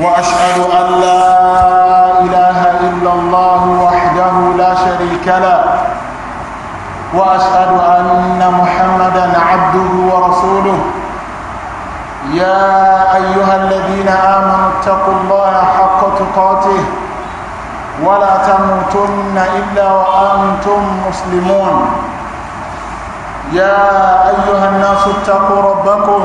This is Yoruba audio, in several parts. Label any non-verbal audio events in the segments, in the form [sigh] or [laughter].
واشهد ان لا اله الا الله وحده لا شريك له واشهد ان محمدا عبده ورسوله يا ايها الذين امنوا اتقوا الله حق تقاته ولا تموتن الا وانتم مسلمون يا ايها الناس اتقوا ربكم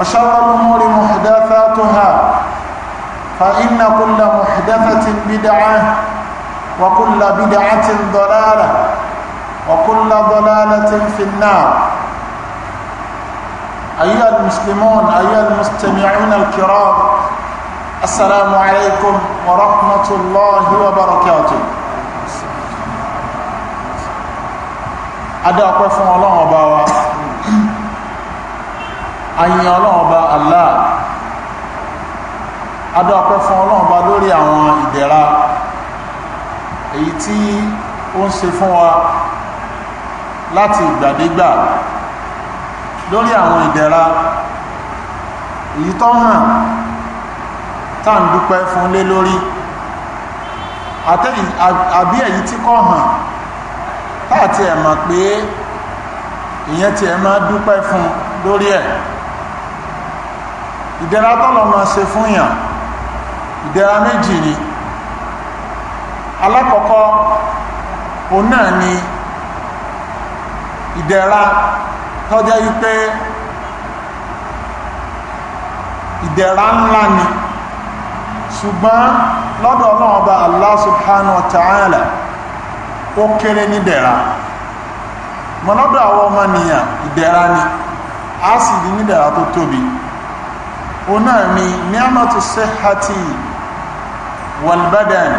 وشر الأمور محدثاتها فإن كل محدثة بدعة وكل بدعة ضلالة وكل ضلالة في النار أيها المسلمون أيها المستمعون الكرام السلام عليكم ورحمة الله وبركاته أدعوكم الله وبركاته ayin ọlọ́run ọba allah adọ́pẹ́ fún ọlọ́run ọba lórí àwọn ìdẹ̀ra èyí tí ó ń ṣe fún wa láti ìgbàdégbà lórí àwọn ìdẹ̀ra èyí tó hàn tá à ń dúpẹ́ fún lé lórí àbí èyí tí kò hàn táàtì ẹ̀ mọ̀ pé ìyẹn ti ẹ̀ máa dúpẹ́ fún lórí ẹ̀ ìdẹ̀ra tọ́lọ̀ máa ṣe fún yàn ìdẹ̀ra méjì ni alákọ̀ọ́kọ́ òun náà ni ìdẹ̀ra tọ́jẹ́ wípé ìdẹ̀ra ńlá ni ṣùgbọ́n lọ́dọ̀ ọlọ́run ọba Allah subhanahu wa ta'ala ó kéré ní dẹ̀ra mọ́lọ́dọ̀ àwọn ọmọ nìyàn ìdẹ̀ra ni a sì di ní dẹ̀ra tó tóbi òun náà ni ni'amatu sihhati wal badan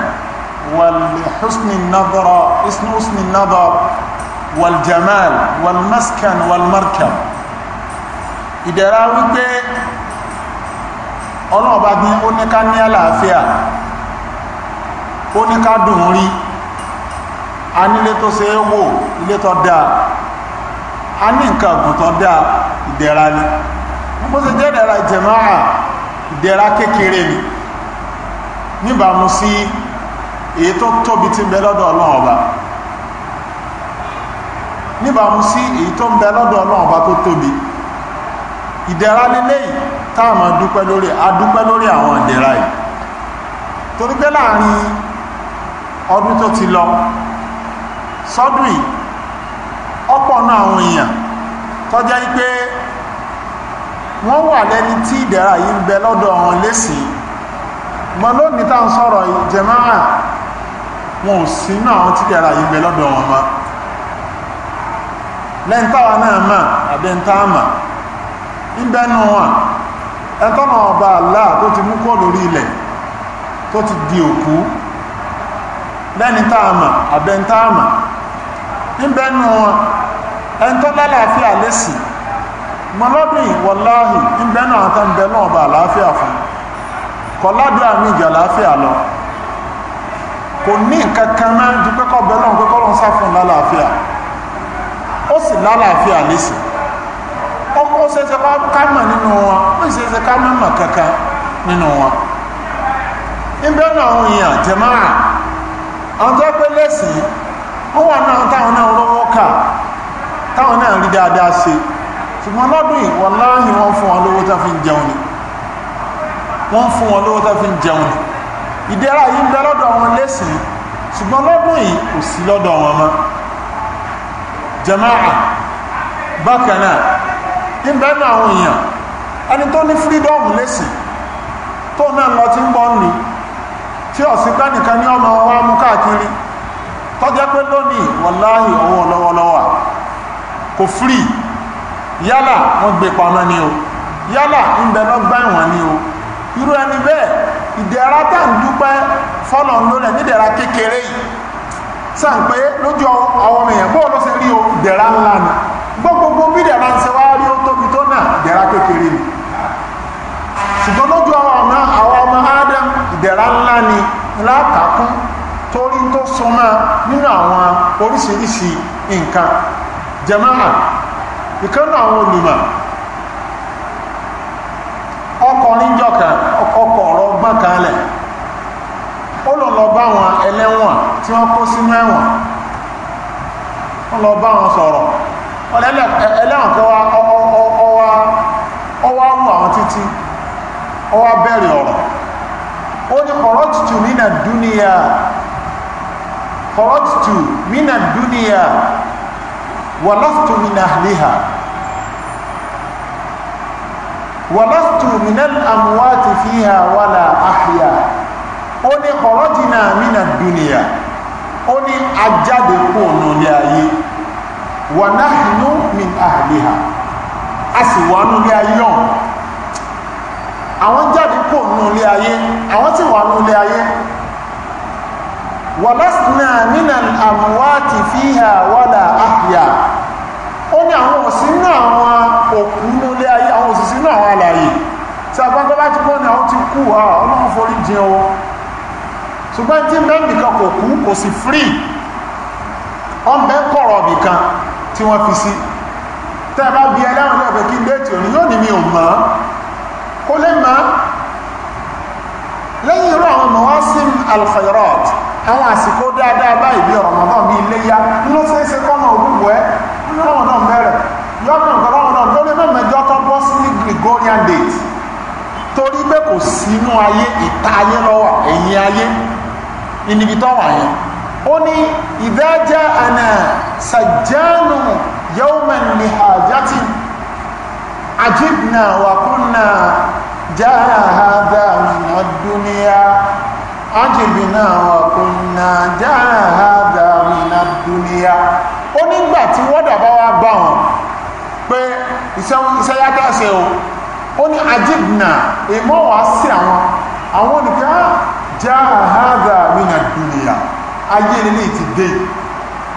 wal husni nadara isni husni nadar wal jamal wal maskan wal markab ìdẹ̀ra wípé ọlọ́ọ̀bá ní ó ní ká ní àlàáfíà ó dùn rí a nílé tó ṣe é wò ilé tó dáa a ní nǹkan ọ̀gùn tó dáa ìdẹ̀ra ni. Ilé bó ṣe jẹ́ dẹ̀ra jẹ̀máà ni níbàámu èyí tó tóbi ti bẹ ọba èyí tó ń bẹ lọ́dọ̀ ọba tó tóbi ìdẹ̀ra lélẹ́yìí táàmà dúpẹ́ lórí àwọn ti lọ yìí ọpọ náà àwọn èèyàn wọ́n wà lẹ́ni tí ìdẹ̀ra yìí ń bẹ lọ́dọ̀ wọn lẹ́sì mọ́ lónìí tá ń sọ̀rọ̀ jẹmáà wọn ò sí náà tí ìdẹ̀ra yìí ń bẹ lọ́dọ̀ wọn mọ́ lẹ́ntàwà náà mà àbẹ́ntàmà ń bẹ́nu wọn ẹ̀tọ́nà ọba àlá tó ti mú kọ́ lórí ilẹ̀ tó ti di òkú lẹ́ni táàmà àbẹ́ntàmà ń bẹ́nu wọn ẹ̀ntọ́lálàáfíà lẹ́sìn mọ́lọ́bìn wọláhì ń bẹ́ náà tán bẹ náà bá àlàáfíà fún kọ̀ládé àmì ìjà àlàáfíà lọ kò ní kankan náà ju pẹ́kọ̀ bẹ náà pẹ́kọ̀ lọ́n sáfún lálàáfíà ó sì lálàáfíà lẹ́sì ó kó ṣeéṣe ká mọ̀ nínú wọn ó sì ṣeéṣe ká mọ̀ kankan nínú wọn ń náà ń yàn jẹ̀máà àwọn tó pé lẹ́sìn ó wà náà táwọn náà lọ́wọ́ kà táwọn náà rí dáadáa ṣe ṣùgbọ́n lọ́dún yìí wàláhì wọ́n fún wọn lówó tá fi ń jẹun ni wọ́n fún wọn lówó tá fi ń jẹun ni yìí ń bẹ lọ́dọ̀ wọn lẹ́sìn lọ́dún yìí kò sí lọ́dọ̀ jama'a bákan náà ń bẹ nù àwọn èèyàn ẹni tó ní lẹ́sìn tó náà lọ ti ń bọ́ ni tí ọ̀sìn nìkan ní ọmọ yálà wọ́n gbé pamọ́ ni o yálà ń bẹ lọ́gbà ẹ̀wọ̀n ni o irú ẹni bẹ́ẹ̀ ìdẹ̀ra tá ń dúpẹ́ fọ́nà lólẹ̀ nídẹ̀ra kékeré yìí sàn pé lójú àwọn èèyàn bó ló ṣe rí o ìdẹ̀ra ńlá ni gbogbogbò bí ìdẹ̀ra ń ṣe wá rí ó tóbi tó náà ìdẹ̀ra kékeré ni ṣùgbọ́n lójú àwọn ọmọ Adam ìdẹ̀ra ńlá ni látàkún torí tó so máa nínú àwọn oríṣiríṣi nǹkan jẹmáà ìkan náà àwọn olùmọ̀ ọkọ̀ níjọ́ kan ọkọ̀ ọ̀rọ̀ gbọ́n kan lẹ̀ ó lọ lọ bá àwọn ẹlẹ́wọ̀n tí wọ́n kó sínú ẹ̀wọ̀n ó lọ bá wọn sọ̀rọ̀ ẹlẹ́wọ̀n kan wá ọwá mú àwọn títí ọwá bẹ̀rẹ̀ ọ̀rọ̀ ó ní kọ̀rọ̀tìtù mínà dúníyà kọ̀rọ̀tìtù mínà dúníyà wà lọ́fùtù wàbàtù minal amuwaati fiha wàlà àhìyà ó ní kọ̀rọ̀jìnà mínà dúnìyà ó ní ajáde kó nulẹ̀ ayé wà nahnu min ahliha a sì wà nulẹ̀ ayé ọ̀hún àwọn jáde kó nulẹ̀ ayé àwọn sì wà nulẹ̀ ayé wàbàtù minal amuwaati fiha wàlà àhìyà ó ní àwọn ọ̀sìn náà àwọn òkú nílé ayé àwọn òsìsí náà àwọn alàyè tí àgbàgbà bá ti kọ́ ni àwọn ti kú à ọlọ́run forí jìn o ṣùgbọ́n tí mẹ́rin kò kú kò sí free ọmọ kọ̀rọ̀ nìkan tí wọ́n fi sí tẹ́ bá bí ẹlẹ́wọ̀n náà fẹ́ kí déètì òní yóò ní mi ò mọ̀ kó lè mọ̀ lẹ́yìn irú àwọn mawasim al-khairat àwọn àsìkò dáadáa báyìí bí Ramadan bí iléyá ló káwọn náà mẹ́rẹ̀ yọ́kàn kọ́láwọn náà tó lé mẹ́mẹ́jọ́ tó bọ́ sí ní Gregorian date torí pé kò sínú ayé ìta ayé lọ́wọ́ ẹ̀yìn ayé níbi tó wà yẹn ó ní ìdájá àná sàjánù yawman ní àjátì ajibna wa kunna jahada min ad-dunya ajibna wa kunna jahada min ó nígbà tí wọ́dà bá wá bá wọn pé iṣẹ́ yàtọ̀ ṣe o ó ní ajibna èmọ́ wá sí àwọn àwọn nìkan já àhádà min ad-dunya ayé nílé ti dé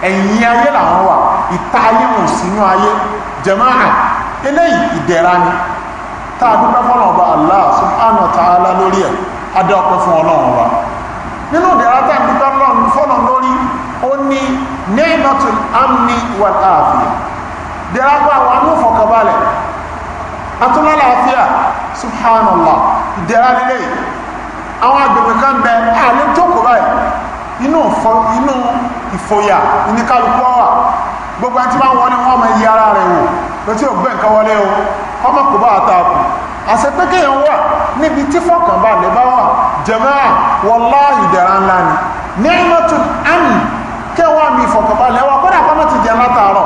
ẹ̀yìn ayé làwọn wà ìta ayé wọn sínú ayé jàmáà eléyìí ìdẹ̀ra ni tá a dúpẹ́ fọ́nà ọba Allah subhanahu wa ta'ala lórí ẹ̀ adé ọpẹ́ fún ọlọ́run wa nínú ìdẹ̀ra tá a dúpẹ́ fọ́nà lórí ó ní ni'matul amni wal afiya ìdẹ́rápá àwọn amúfọ̀kànbalẹ̀ atúnlálàáfíà subhanallah ìdẹ́rá nílé àwọn agbègbè kan bẹ ààlé jókòó báyìí inú ìfòyà ìníkàlùkù ọwà gbogbo ẹni tí bá ń wọlé wọn ọmọ iye ara rẹ̀ wò ló tí ò gbé nǹkan wọlé o ọmọ kò bá àtàkù àṣẹ pé kéèyàn wà níbi tí fọkànbalẹ̀ bá wà jàmáà wallahi ìdẹ̀ra ńlá ni ni'matul amni kí mi ìfọ̀kànbalẹ̀ wọ́n kọ́dà kọ́ mọ́ ti jẹ látàárọ̀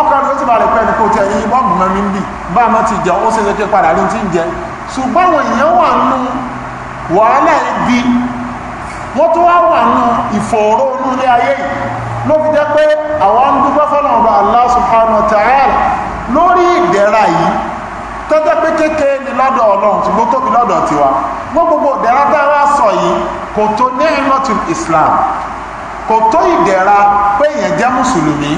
ọkọ̀ ni ti balẹ̀ pẹ́ kò bọ́ọ̀mù mẹ́mí ń bì bá mọ́ ti jẹ ó ṣe é padà rí ti ń jẹ ṣùgbọ́n àwọn èèyàn wà nù wàhálà ibi wọ́n wá wà nù fi jẹ́ pé àwọn dúpẹ́ gbogbo sọ yìí kò tó Islam kò tó ìdẹ̀ra pé èèyàn jẹ́ mùsùlùmí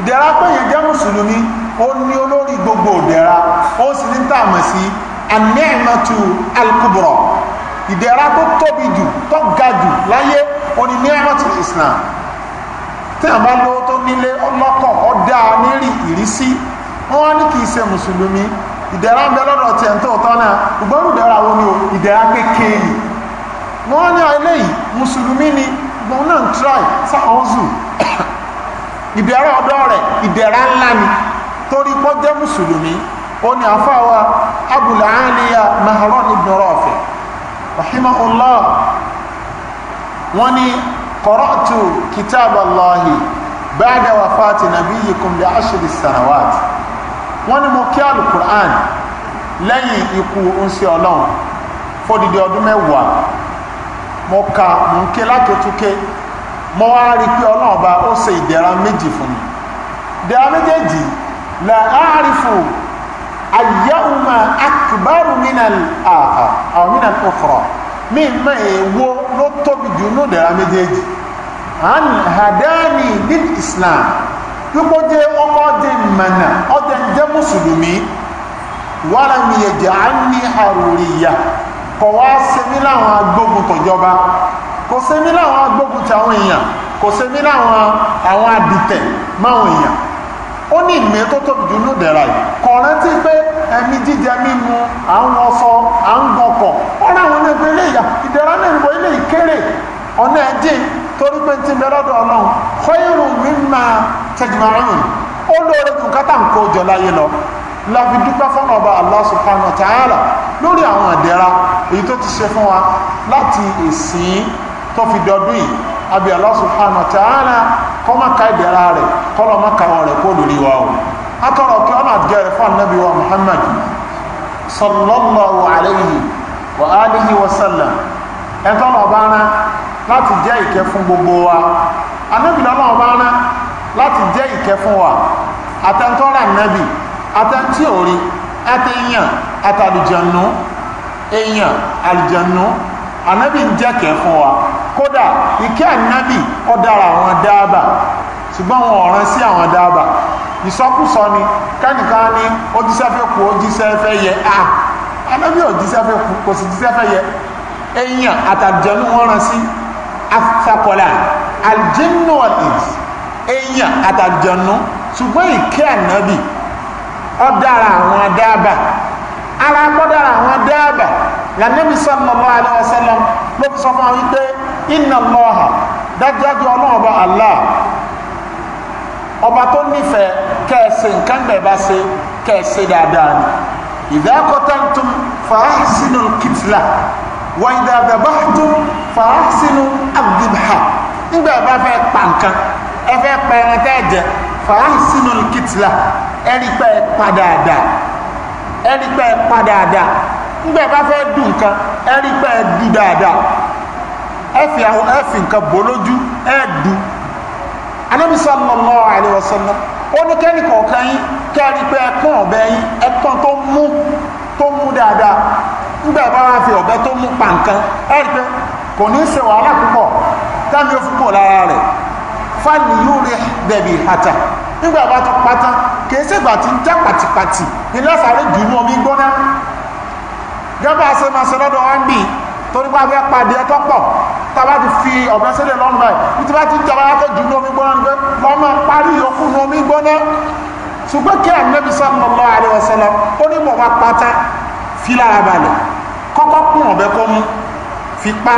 ìdẹ̀ra pé èèyàn jẹ́ mùsùlùmí ó ní olórí gbogbo ìdẹ̀ra ó sì ní tààmù sí anẹ́ẹ̀mẹ́tù alkubra ìdẹ̀ra tó tóbi jù tó ga jù láyé ó ní nẹ́ẹ̀mẹ́tù islam tí a bá lówó tó nílé ọlọ́kọ̀ ọ̀dá nírì ìrísí wọ́n wá ní kìí ṣe mùsùlùmí ìdẹ̀ra ń bẹ lọ́dọ̀ tiẹ̀ ń tó tọ́ náà ìgbọ́rù ìdẹ̀ra wo ni ìdẹ̀ra kékeré wọ́n ní ilé yìí mùsùlùmí ni wọn náà ń try sáwọn zù [coughs] ìbẹ̀rẹ̀ ọ̀dọ́ rẹ̀ ìdẹ̀ra ńlá ni torí pọ́ jẹ́ mùsùlùmí ó ní àfáwà Abul Aliya Mahran ibn Rafi rahimahullah wọ́n ní qara'tu kitaballahi ba'da wafati nabiyyikum bi ashri sanawat wọ́n ní mo kí alukur'an lẹ́yìn ikú ń sí ọlọ́run fódìdí ọdún mẹ́wàá mo ka mo ń ké látòtúké mo wá rí pé ọlọ́run bá ó ṣe ìdẹ̀ra méjì fún mi ìdẹ̀ra méjèèjì la áàrífù ayyáhùnmá akùbárù mínal àhà àwọn mínal òkùrọ̀ mi mọ èèwo ló tóbi jù ní ìdẹ̀ra méjèèjì an hadani lil islam wípé jẹ́ ọmọ ọdẹ mọ̀nà ọdẹ jẹ́ mùsùlùmí wàlámi yẹ jẹ́ àní àrùríyà kọ̀ wá ṣe láwọn agbógun tòjọba kò ṣe láwọn agbógun ti àwọn èèyàn kò ṣe láwọn àwọn àdìtẹ̀ máwọn èèyàn ó ní ìmẹ́ tó tóbi jù ní ìdẹ̀ra yìí kọ̀ rántí pé ẹ̀mí jíjẹ mímu à ń wọṣọ à ń gbọkọ̀ ọ̀rọ̀ àwọn ilé ìgbé ìdẹ̀ra náà ilé ìkéré ọ̀nà torí pé ti bẹ̀rẹ̀ ọlọ́run la dúpẹ́ fọ́nà ọba lórí àwọn àdẹ́ra èyí tó ti ṣe fún wa láti ìsìn tó fi dọdún yìí àbí Allah subhanahu wa ta'ala kọ́ má ka ìdẹ́ra rẹ̀ kọ́ lọ́ má ka wọn rẹ̀ kó lórí wa o atọ́rọ̀ kí ọ̀nà àdìgẹ́rẹ̀ fún anábì wa Muhammad sallallahu alayhi wa alihi wa sallam ẹ̀tọ́ lọ́ bá rán láti jẹ́ ìkẹ́ fún gbogbo wa anábì lọ́nà bá rán láti jẹ́ ìkẹ́ fún wa àtẹ̀ntọ́rà nábì àtẹ̀ntí òrí àtẹ̀yàn àtàlùjànú èèyàn àlùjànú anabi ń jẹ́kẹ̀ẹ́ fún wa kódà ìkẹ́ ànábì ó dára àwọn dáàbà ṣùgbọ́n wọn ọ̀ràn sí àwọn dáàbà ìsọkúsọ ni kẹ́nìkan ní ó jíṣẹ́ fẹ́ kú ó jíṣẹ́ fẹ́ yẹ à ànábì ò jíṣẹ́ fẹ́ kú kò sì jíṣẹ́ fẹ́ yẹ èèyàn àtàlùjànú wọn ràn sí afakọ̀lá àlùjànú ọ̀dìs èèyàn àtàlùjànú ṣùgbọ́n ìkẹ́ ànábì ó dára àwọn dáàbà ara kọ́dára àwọn dáàbà lànàbí sallallahu alaihi wasallam ló fi sọ fún àwọn wípé inna Allaha dájájú ọlọ́ọ̀bá Allah ọba tó nífẹ̀ẹ́ kẹ́ẹ̀sì nǹkan bẹ̀ bá ṣe kẹ́ẹ̀sì dáadáa ni idha qataltum fa ahsinul qitla wa idha dabahtum bá fẹ́ pa ẹ fẹ́ pa tẹ́ jẹ fa ahsinul ẹ̀rí pẹ́ pa dáadáa ẹ̀rí pẹ́ pa dáadáa ńgbẹ́ bá fẹ́ dùn nǹkan ẹ̀rí pẹ́ dù dáadáa ẹ fi àwọn ẹ fi nǹkan bò lójú ẹ dù anábì sallallahu alaihi wasallam ó ní kẹ́ni kọ̀ọ̀kan yín kẹ́ni pẹ́ ẹ̀kan ọ̀bẹ yín ẹ̀kan tó mú tó mú dáadáa ńgbẹ́ bá wá fi ọ̀bẹ tó mú pa nǹkan ẹ̀rí pẹ́ kò ní ṣe wàhálà púpọ̀ táwọn yóò fún pọ̀ lára rẹ̀ fáàlì yóò rí bẹ̀bí àtà nígbà bá ti pátán kìí ṣègbà tí ń já pàtìpàtì ní lọ́sàárẹ̀ jù ní omi gbóná gẹ́gbà ṣe máa ṣe lọ́dọ̀ wọn bì torí pé abẹ́ pàdé ẹ tọ́pọ̀ tá a bá ti fi ọ̀bẹ sílẹ̀ lọ́nà báyìí bí ti bá ti ń jọba yàtọ̀ jù ní omi gbóná ni pé wọ́n máa parí yòókù ní omi gbóná ṣùgbọ́n kí ànábì sallallahu alaihi wasallam ó ní mọ̀ máa pátá fi lára balẹ̀ kọ́kọ́ kún ọ̀bẹ kọ́ mú fi pa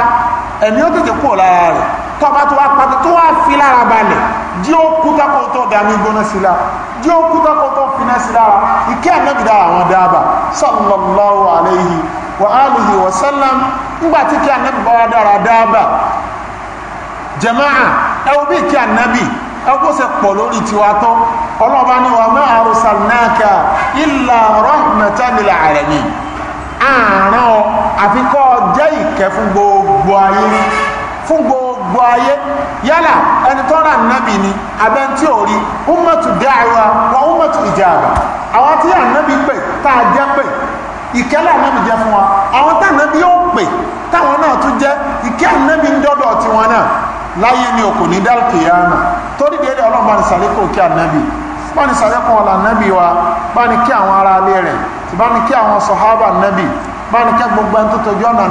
ẹ̀mí ó tètè kúrò lára rẹ̀ tọ́ bá tó wá pátá tó wá fi lára balẹ̀ jí ó kúta kó tó dání gbóná sí la jí ó kúta kó tó finá sí la ìkẹ́ ànábì àwọn dáàbà sallallahu alayhi wa alihi wa sallam nígbà tí kí ànábì bá wá dára dáàbà jama'a ẹ wo bí kí ànábì ẹgbọ́sẹ̀ pọ̀ lórí tiwa tọ́ ọlọ́ba ní wa ma arsalnaka illa rahmatan lil alamin ààrán ọ àfikọ́ jẹ́ ìkẹ́ fún gbogbo ayé fún gbogbo gbogbo ayé yálà ẹni tó rà nábì ni abẹ́ tí ò rí ummatu da'wa wa ummatu ijaba àwọn tí ànábì pè tá a jẹ́ pè ìkẹ́lẹ̀ ànábì jẹ́ fún wa àwọn tá ànábì yóò pè táwọn náà tún jẹ́ ìkẹ́ ànábì ń dọ́dọ̀ tiwọn náà láyé ni òkò ní dálkìyàmà torí déédéé ọlọ́run bá ní sàlékò kí ànábì bá ní sàlékò ọ̀là ànábì wa bá ní kí àwọn ará alé rẹ̀ bá ní kí àwọn sọ̀hábà ànábì bá ní kí gbogbo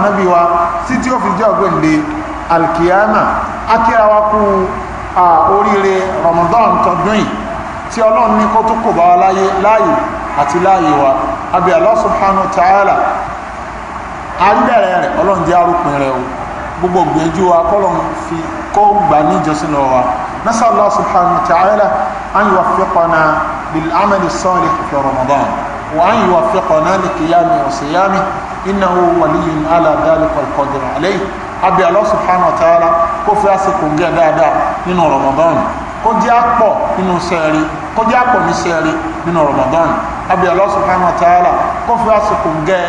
ẹni wa sí tí ó fi alkiyama akírawakú oríire ramadan tọdún yìí tí ọlọ́run ní kó tó kò bá wa láyé láàyè àti láàyè wa àbí Allah subhanahu wa ta'ala àríbẹ̀rẹ̀ rẹ̀ ọlọ́run jẹ́ arúpin rẹ̀ o gbogbo gbìyànjú wa kọ́lọ̀ fi kó gbà ní ìjọsìn lọ wa nasa Allah subhanahu wa ta'ala an yuwaffiqana bil amali fi ramadan wa an yuwaffiqana li qiyami wa siyami innahu waliyyun ala dhalika al abẹ́ Allah subhanahu wa ta'ala kó fi àsìkò ń gẹ̀ dáadáa nínú Ramadan kó jẹ́ àpọ̀ nínú sẹ́ẹ̀rí kó jẹ́ àpọ̀ ní sẹ́ẹ̀rí nínú Ramadan abẹ́ Allah subhanahu wa ta'ala kó fi àsìkò ń gẹ̀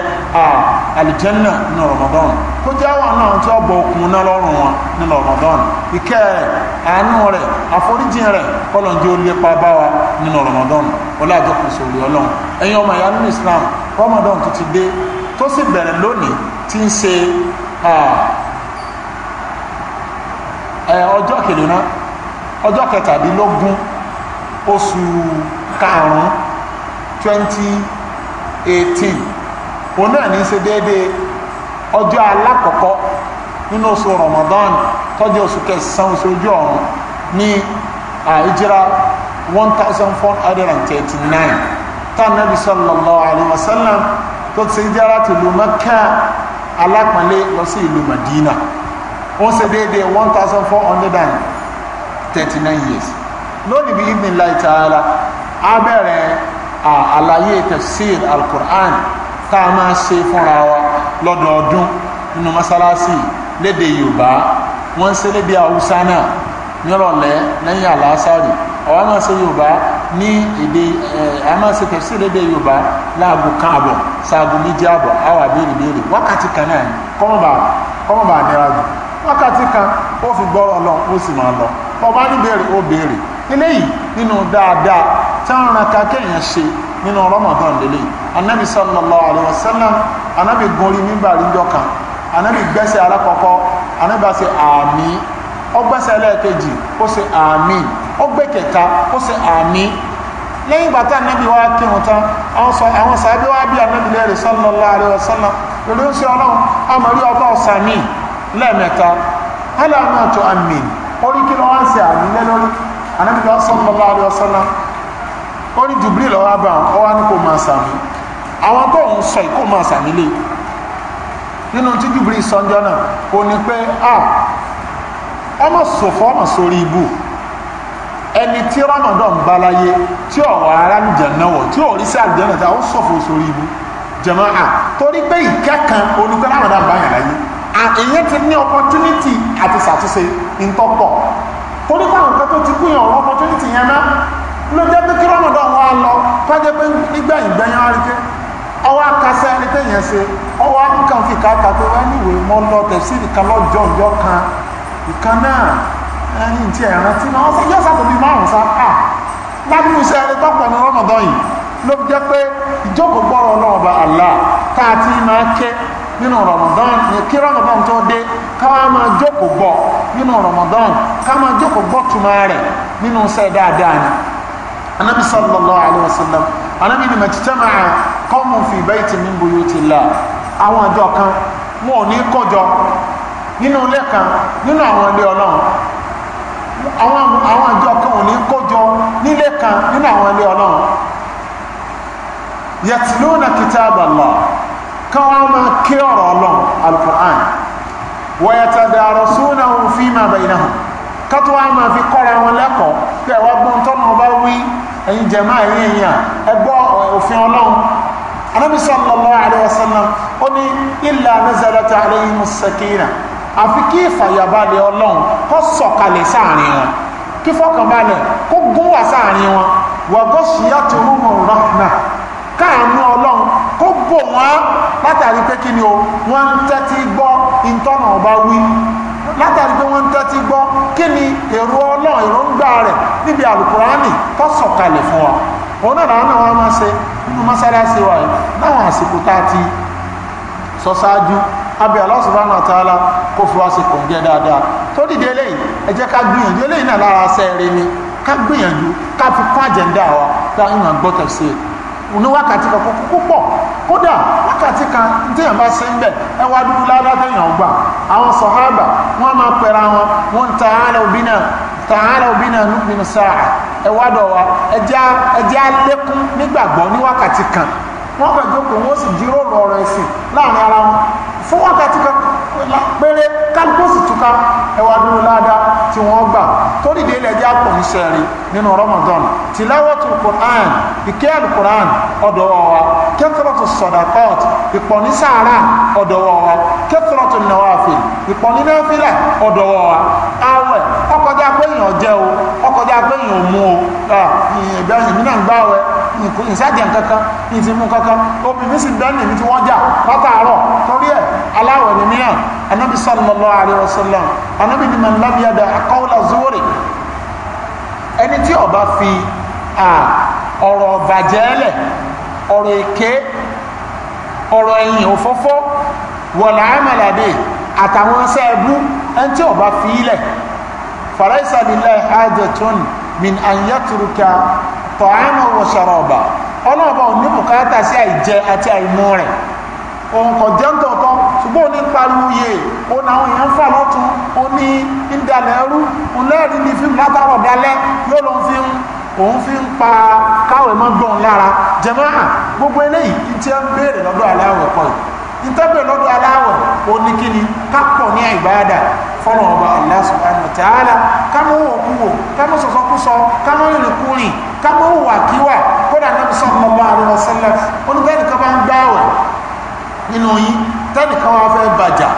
àlìjẹ́nà nínú Ramadan kó jẹ́ àwọn náà tí wọ́n bọ̀ okùn náà lọ́rùn wọn nínú Ramadan ìkẹ́ rẹ̀ àánú rẹ̀ àforíjìn rẹ̀ kọ́lọ̀njẹ́ ó lépa bá wa nínú Ramadan ọlọ́àjọkùnso òrì ọlọ́run ẹ̀yin ọmọ ìyá nínú Islam Ramadan tó ti dé tó sì bẹ̀rẹ̀ lónìí tí ń ṣe ọjọ́ kìlì náà ọjọ́ kẹtàdínlógún oṣù karùn-ún twenty òun náà ní ṣe déédéé ọjọ́ alákọ̀ọ́kọ́ nínú oṣù Ramadan tọ́jú oṣù kẹsàn oṣù ojú ọ̀run ní àìjíra one tánàbí ti jára tìlú lọ sí Madina. wọ́n ṣe déédéé one thousand four hundred and thirty nine years lónìí bí ibn lai taala a bẹ̀rẹ̀ àlàyé tafsir alukur'an tá a máa ṣe fúnra wa lọ́dọọdún nínú mọ́sálásì léde yorùbá wọ́n ṣe léde haúsá náà nírọ̀lẹ́ lẹ́yìn àlásàrì àwa máa ṣe yorùbá ní èdè ẹ a máa ṣe tafsir léde yorùbá láago kan àbọ̀ ṣaago méjì àbọ̀ àwọn àbẹ̀rẹ̀ bẹ̀rẹ̀ wákàtí kan náà kọ́mọ̀bà kọ́mọ̀bà nira jù wákàtí kan ó fi gbọ́rọ̀ lọ ó sì máa lọ bọ́bá ní béèrè ó béèrè eléyìí nínú dáadáa táwọn ranka kéèyàn ṣe nínú Ramadan lélẹ̀ anabi sallallahu alayhi wa sallam anabi gunri mímbà ríjọ kan anabi gbẹ́sẹ̀ alákọ̀ọ́kọ́ anabi bá ṣe àmì ó gbẹ́sẹ̀ ẹlẹ́ẹ̀kejì ó ṣe àmì ó gbé kẹta ó ṣe àmì lẹ́yìn ìgbà tí anabi wá kírun tán àwọn sàbí wá bí anabi lẹ́rìí sallallahu alayhi wa sallam lórí ń ṣe ọlọ́run amọ̀rí ọba ọ̀sán míì lẹ́ẹ̀mẹ́ta aláàmọ́tò àmì orí kí lọ́wọ́ sí àmì lẹ́lórí anábìlọ́ sọ́lọ́lá àríọ́sọ́lá ó ní jùbírí lọ́wọ́ bá ọ ní kò máa sàmì àwọn tó ń sọ ìkó máa sàmì lé nínú tí sọ́njọ́ náà ní pé a ọmọ sòfò ọmọ sórí ibù ẹni tí ramadan bá láyé tí ọ̀wọ̀ ara ní jẹ̀nàwọ̀ tí ò rí sí àjẹ́nà tí a ó sòfò sórí ibù jẹ̀mọ́ à torí pé onígbẹ́ ramadan bá yàn láyé èyí ti ní opportunity àti ṣàtúnṣe ntọ́pọ̀ torí fáwọn kan tó ti kú yàn opportunity yẹn mọ́ ló jẹ́ pé kí rọ́mọdọ́ wọn á lọ kọ́jẹ́ pé nígbà ìgbẹ́yàn arike ọwọ́ akásẹ́ ẹni tẹ̀yẹn ṣe ọwọ́ nǹkan fi kàkà pé wọ́n níwèé mọ́ lọ tẹ̀sí ìkan lọ́jọ́ ìjọ́ kan ìkan náà ẹni tí ẹ̀ràn tí wọ́n sọ yóò sàtòbí márùn sá à lábínú iṣẹ́ ẹni tọ́pọ̀ ní rọ́mọdọ́ yìí ló jẹ́ pé ìjókòó gbọ́rọ̀ ọlọ́ọ̀ba Allah tá a ti máa kẹ́ nínú Ramadan kí Ramadan tó dé káwá máa jókòó gbọ́ nínú Ramadan ká máa jókòó gbọ́ túmọ̀ rẹ̀ nínú sẹ́ dáadáa ni anabi sallallahu alayhi wa sallam anabi ni majtama'a qawmun fi baytin min buyutillah àwọn àjọ kan wọn ò ní kọjọ nínú ilé kan nínú àwọn ilé Ọlọ́run àwọn àwọn àjọ kan ò ní kójọ nílé kan nínú àwọn ilé ọlọ́run yatluna kitab Allah kan wọ́n máa ké ọ̀rọ̀ ọlọ́run alukur'an wayatadarasunahu fima bainahum kátó wá máa fi kọ́ra wọn lẹ́kọ̀ọ́ pé ẹ̀wá gbọ́n tọ́nà ọba wí ẹ̀yin jẹ̀má ẹ̀yin èèyàn ẹgbọ́ e òfin ọlọ́run anábì sallallahu alaihi wasallam ó ní illa nazalat alaihimus sakina àfi kí ìfàyàbalẹ̀ ọlọ́run kó sọ̀kalẹ̀ sáàrin wọn kí fọkànbalẹ̀ kó gún wà sáàrin wọn wa ghashiyatuhumur rahmah káàánú ọlọ́run ó bò wọn látàrí pé kí ni o wọ́n ń tẹ́tí gbọ́ ìtọ́nà ọba wí látàrí pé wọ́n ń tẹ́tí gbọ́ kí ni èrò ọlọ́run èròǹgbà rẹ̀ níbi àlùkùránì tó sọ̀kalẹ̀ fún wa òun náà làwọn náà wọ́n máa ṣe nínú mọ́sálásí wa yìí láwọn àsìkò tá a ti sọ ṣáájú abẹ́ Allah subhanahu wa fi wá sí kòǹgẹ́ dáadáa tó dìde eléyìí ẹ jẹ́ ká gbìyànjú eléyìí náà lára ni ká gbìyànjú ká fi kún àjẹ́ńdà wa sí i ní wákàtí kankan púpọ̀ kódà wákàtí kan téèyàn bá ṣe ń bẹ̀ ẹ wá dúró ládá téèyàn gbà àwọn sọ̀hábà wọ́n máa pẹ̀ra wọn wọ́n ń tààrà òbí náà nínú sáà ẹ wá dọ̀ wa ẹ jẹ́ àlékún nígbàgbọ́ ní wákàtí kan wọ́n kàn jókòó wọ́n sì jíròrò ọ̀rọ̀ ẹ̀sìn láàrin ara wọn fún wákàtí kan péré kálukú sì túká ẹwà dúró ládàá tí wọ́n gbà torí dé ilẹ̀ jẹ́ àpò rí nínú Ramadan tilawatul Qur'an ìkẹ́ alukur'an ọ̀dọ̀ wa kathratu sadaqat ìpọ̀ní sàárà ọ̀dọ̀ wa kathratu nawafil ìpọ̀ní náfìlà ọ̀dọ̀ wa àwẹ̀ ọkọjá pé èèyàn jẹ́ o ọkọjá pé èèyàn mú o ah, ìbẹ̀yìn mí náà gbáwẹ̀ ìsájẹ̀ kankan ní ti mú kankan obìnrin sì bẹ́ẹ̀lì ní ti wọ́n jà látàárọ̀ torí ẹ̀ aláwẹ̀ ní mìíràn anábì sallallahu alaihi wasallam anábì ní man lam yada qawla zuri ẹni tí ó bá fi ọ̀rọ̀ bàjẹ́lẹ̀ ọ̀rọ̀ èké ọ̀rọ̀ ẹ̀yìn òfófó wọ̀lá àmàlàdé àtàwọn sẹ́ẹ̀bú ẹni tí ó fi ilẹ̀ min an yatruka ta'ama wa sharaba ọlọ́ọ̀bá ò bùkátà sí àìjẹ àti àìmú rẹ̀ ṣùgbọ́n pariwo o na èèyàn fà lọ́tún o ní ìdàlẹ̀ ẹrú òun ní fíìmù látàrọ̀ yóò lọ fi ń òun fi ń pa káwẹ̀ mọ́ lára gbogbo eléyìí tí ń béèrè lọ́dọ̀ aláwọ̀ pọ̀ ìtọ́bẹ̀ lọ́dọ̀ aláwọ̀ ó kápọ̀ ní àìbáyàdà fọ́nà ọba Allah subhanahu wa ta'ala kámọ́ òkúwò kámọ́ sọ̀sọ́kúsọ kámọ́ ìrìnkúrìn kámọ́ òwàkíwà kódà náà sallallahu alaihi wasallam oníkẹ́nìkan bá ń gbáwẹ̀ nínú yín tẹ́nìkan wá fẹ́ bàjà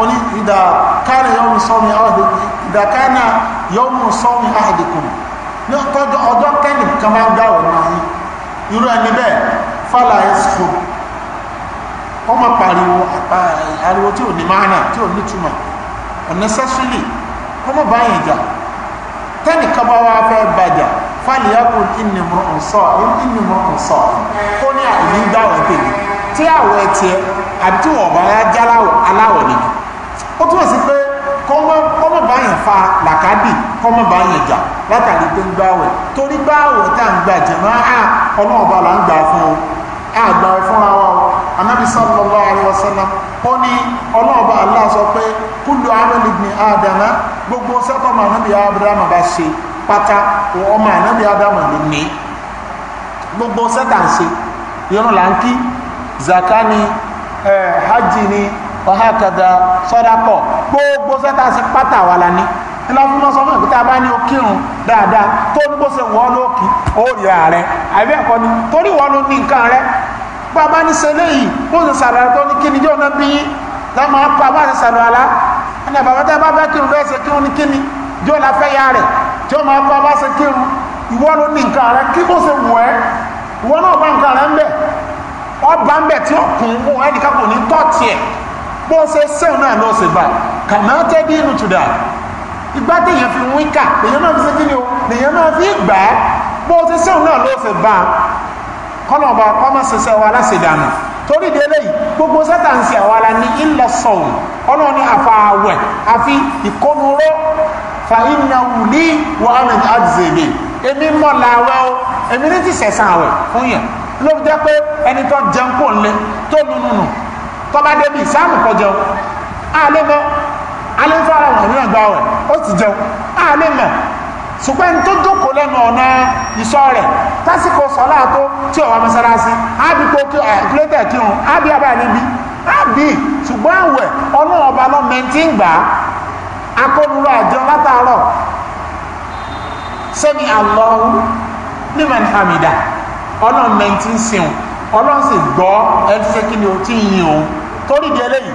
oní ìdàkánà yawmu sawmi ahadikum ìdàkánà yawmu sawmi ahadikum ní ọjọ́ kẹ́nìkan bá ń gbáwẹ̀ nínú yín irú ẹni bẹ́ẹ̀ fala yasfur kọ́mọ pariwo ariwo tí ò ní máa náà tí ò ní unnecessarily wọ́n mọ̀ báyìí jà tẹ́nì kan bá wá fẹ́ bàjà fàlìyàkùn ìnìmọ̀ ọ̀sọ́ ìnìmọ̀ ọ̀sọ́ kó ní àìní gbà wọ́n tèmi tí àwọ̀ ẹ̀ tiẹ̀ àbí tí wọ́n bá yá já aláwọ̀ nìyí ó túmọ̀ sí pé kọ́mọ̀ bá yẹn fa làkàdì kọ́mọ̀ bá yẹn jà látàrí pé ń gbàwẹ̀ torí gbàwẹ̀ tá à ń gbà jẹ̀ máa ọlọ́ọ̀bá là ń gbà fún ọ àgbà fúnra wa ọ anábì sallallahu alaihi wasallam ó ní ọlọ́ọ̀bá Allah sọ pé kúlù amẹ́lìgbì àdàmà gbogbo sẹ́kọ̀ọ́mà anábì àdàmà bá ṣe pátá ọmọ anábì àdàmà ló ní gbogbo sẹ́tà ń ṣe yọrùn là ń kí zaka ni hajj ni ọ̀hákàdà sọ́dápọ̀ gbogbo sẹ́tà sí pátá wà lání ńlá fún mọ́sán fún ìpítà bá ní o kírun dáadáa tó ń gbóṣe wọ́n lókì ó rí ààrẹ àbí ẹ̀kọ́ ni torí wọ́n ló ní nǹkan rẹ̀ bàbá ní sẹlẹ̀ yìí wọ́n sì sàlọ̀ àtọ́ ní kíni jọ́ náà bí yín lámà á pa bá sì sàlọ̀ àlá ẹni bàbá tẹ́ bá fẹ́ kírun bẹ́ẹ̀ ṣe kírun ní kíni jọ́ la fẹ́ ya rẹ̀ tí ó máa pa bá ṣe kírun ìwọ ló ní nǹkan rẹ kí kò ṣe wù ẹ́ ìwọ náà bá nǹkan rẹ ń bẹ̀ ọba ń bẹ̀ tí ó kún mú ẹnìkan kò ní tọ́ tiẹ̀ bó ṣe sẹ́wọ̀n náà lọ́ọ́ ṣe gbà kàmá tẹ́ bí inú tùdà ìgbà téèyàn fi wíkà èèyàn náà fi kọ́nà ọba kọ́mọ̀ sísẹ́ wa aláṣẹ̀dànù torí délé yìí gbogbo sátàǹsì àwa la ní ilẹ̀ sọ̀rọ̀ ọlọ́run ní àfa àwẹ̀ àfi ìkónúró fa iná wùlí wà á nàìjíríà àdìsèlè èmi mọ̀ làwẹ̀ o èmi ní ti sẹ̀sán àwẹ̀ fún yẹn ló fi jẹ́ pé ẹni tó jẹun kò lé tó nùnùnù tó bá débi ìsáàmù kọ jẹun àlẹ́ mọ́ alẹ́ ń fara wọn ìrìn àgbà wẹ̀ ó ti jẹun àlẹ́ mọ́ ṣùgbọ́n tó jókòó lẹ́nu ọ̀nà ìsọ rẹ̀ tásìkò sọ́lá tó tí ọ̀wà mọ́sálásí ábí kó kí ẹ̀kúlẹ́tẹ̀ kí wọn ábí abáyé níbi ábí ṣùgbọ́n àwẹ̀ ọlọ́run ọba lọ mẹ́ntì ń gbà á akọ́nurọ̀ àjọ látàárọ̀ sẹ́mi Allahu liman hamida ọlọ́run mẹ́ntì ń sìn ọlọ́run sì gbọ́ ẹ ti fẹ́ kí ni o ti yin o torí di eléyìí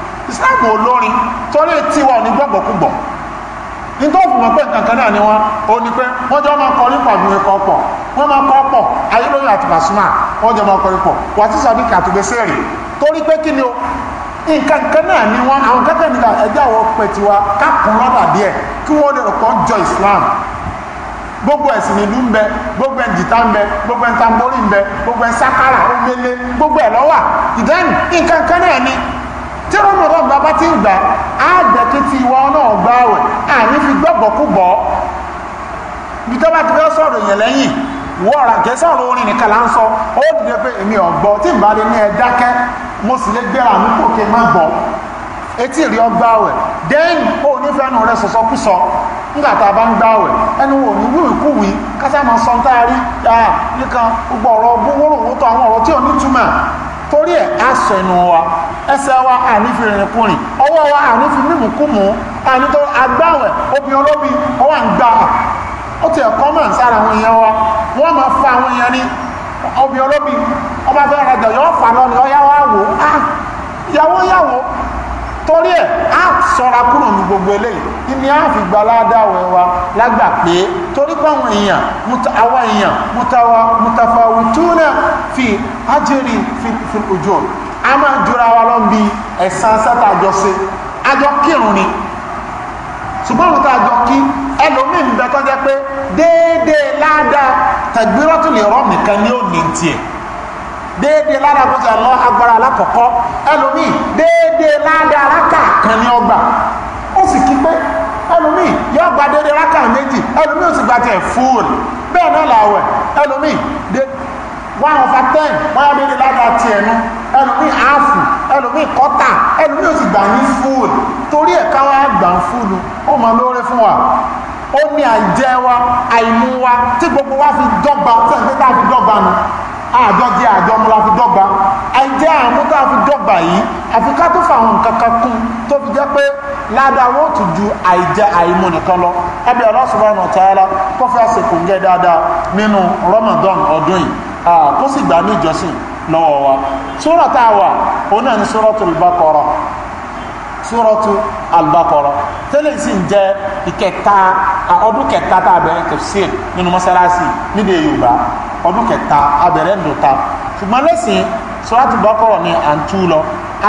islam olórin torí tiwa ò ní gbọ́gbọ̀kúgbọ̀ nítorí òfin wọn pé nǹkan kan náà ni wọn ò ní pé wọn jọ máa kọrin pọ̀ àbúrò ẹ̀kọ́ pọ̀ wọn máa kọ́ pọ̀ ayélujára àti Pasuma wọn jọ máa kọrin pọ̀ wàtí sàbíkì àtúgbẹ́sẹ̀ rè torí pé kí ni o nǹkan kan náà ni wọn àwọn kankan nígbà ẹjẹ àwọn pẹ̀ tiwa kápùn rọ́bà díẹ̀ kí wọ́n lè rọ̀pọ̀ jọ islam gbogbo ẹ̀sìn ìlú ń bẹ gbogbo ẹ̀jìtá ń bẹ gbogbo ẹ̀ntàmbórí ń bẹ gbogbo ẹ̀sákàrà ó mélé gbogbo ẹ̀ lọ́wà ìdẹ́nu nǹkan kan náà ni tí rọmọdọ́n bá bá ti ń gbà á dẹ̀kí ti ìwọ náà gbá àwẹ̀ àní fi gbọ́gbọ̀kúgbọ́ bí tó bá ti fẹ́ sọ̀rọ̀ yẹn lẹ́yìn wọ́n ra kẹ́ sọ̀rọ̀ orin nìkan là ń sọ ó dìde pé èmi ọ̀gbọ́ tí ní ẹ mo sì lè kò kí n má gbọ́ etí rí ọgbà dẹ́yìn ó rẹ sọ nígbà tá a bá ń gbà torí ẹ̀ aṣọ wa ẹsẹ̀ wa ànífi rìnrìnkùnrin ọwọ́ wa ànífi mímùkúmù ànítọ́ agbáwẹ̀ obìnrin olóbi ọwọ́ à ń gbà ó ti ẹ̀kọ́ mọ̀ sára àwọn èèyàn wa wọ́n máa fa àwọn èèyàn ní obìnrin olóbi ọba fẹ́ rajà yọ fà lọ́nà ọyá wa wò á ah, yàwó torí ẹ̀ á sọ́ra kúrò ní gbogbo eléyìí ìní á fi gba aládàwẹ̀ wa lágbà pé torí pé àwọn èèyàn àwa èèyàn mutafawituna fi ajri fi ojú a máa jura wa lọ bí ẹ̀sán sátà àjọṣe àjọ kírun ni ṣùgbọ́n àwọn tá a jọ kí ẹlòmíín bẹ tó pé déédéé ládàá tàgbírọ́tìlì rọ́ọ̀mù kan ni ó tiẹ̀ déédéé lára bó ti àlọ́ agbára alákọ̀ọ́kọ́ ẹlòmíì déédéé lára alákà kan ní ọgbà ó sì kí pé ẹlòmíì yóò gba déédéé alákà méjì ẹlòmíì ó sì gba tiẹ̀ fúùlù bẹ́ẹ̀ náà làwẹ̀ ẹlòmíì dé one over ten wọ́n yá déédéé lára tiẹ̀ nu ẹlòmíì áàfù ẹlòmíì kọ́tà ẹlòmíì ó sì gbà ní fúùlù torí ẹ̀ káwọn á gbà ń fúùlù ó mọ lóore fún wa ó ní àìjẹ wa àìmú wa tí gbogbo wa fi dọ́gba tí ẹ̀ àjọ jẹ àjọ ọmọ la fi dọ́gba àìjẹ́ àmú tá a fi dọ́gba yìí àfi ká tó fàwọn nǹkan kan kún tó fi jẹ́ pé ládàá wọ́n tún ju àìjẹ àìmu nìkan lọ ẹbí Allah subhanahu wa ta'ala kó fẹ́ ṣe kò ń gẹ́ dáadáa nínú Ramadan ọdún yìí kó sì gbà ní ìjọsìn lọ́wọ́ wa sura tá a wà òun náà ní suratul Baqara suratu albakọrọ tẹ́lẹ̀ sì ń jẹ́ ìkẹta ọdún kẹta tá a bẹ̀rẹ̀ tafsir nínú mọ́sálásí nídìí yorùbá ọdún kẹta abẹ̀rẹ̀ ńdòta ṣùgbọ́n lẹ́sìn sọ́láàtì bọ́kọ̀rọ̀ ni à ń tú lọ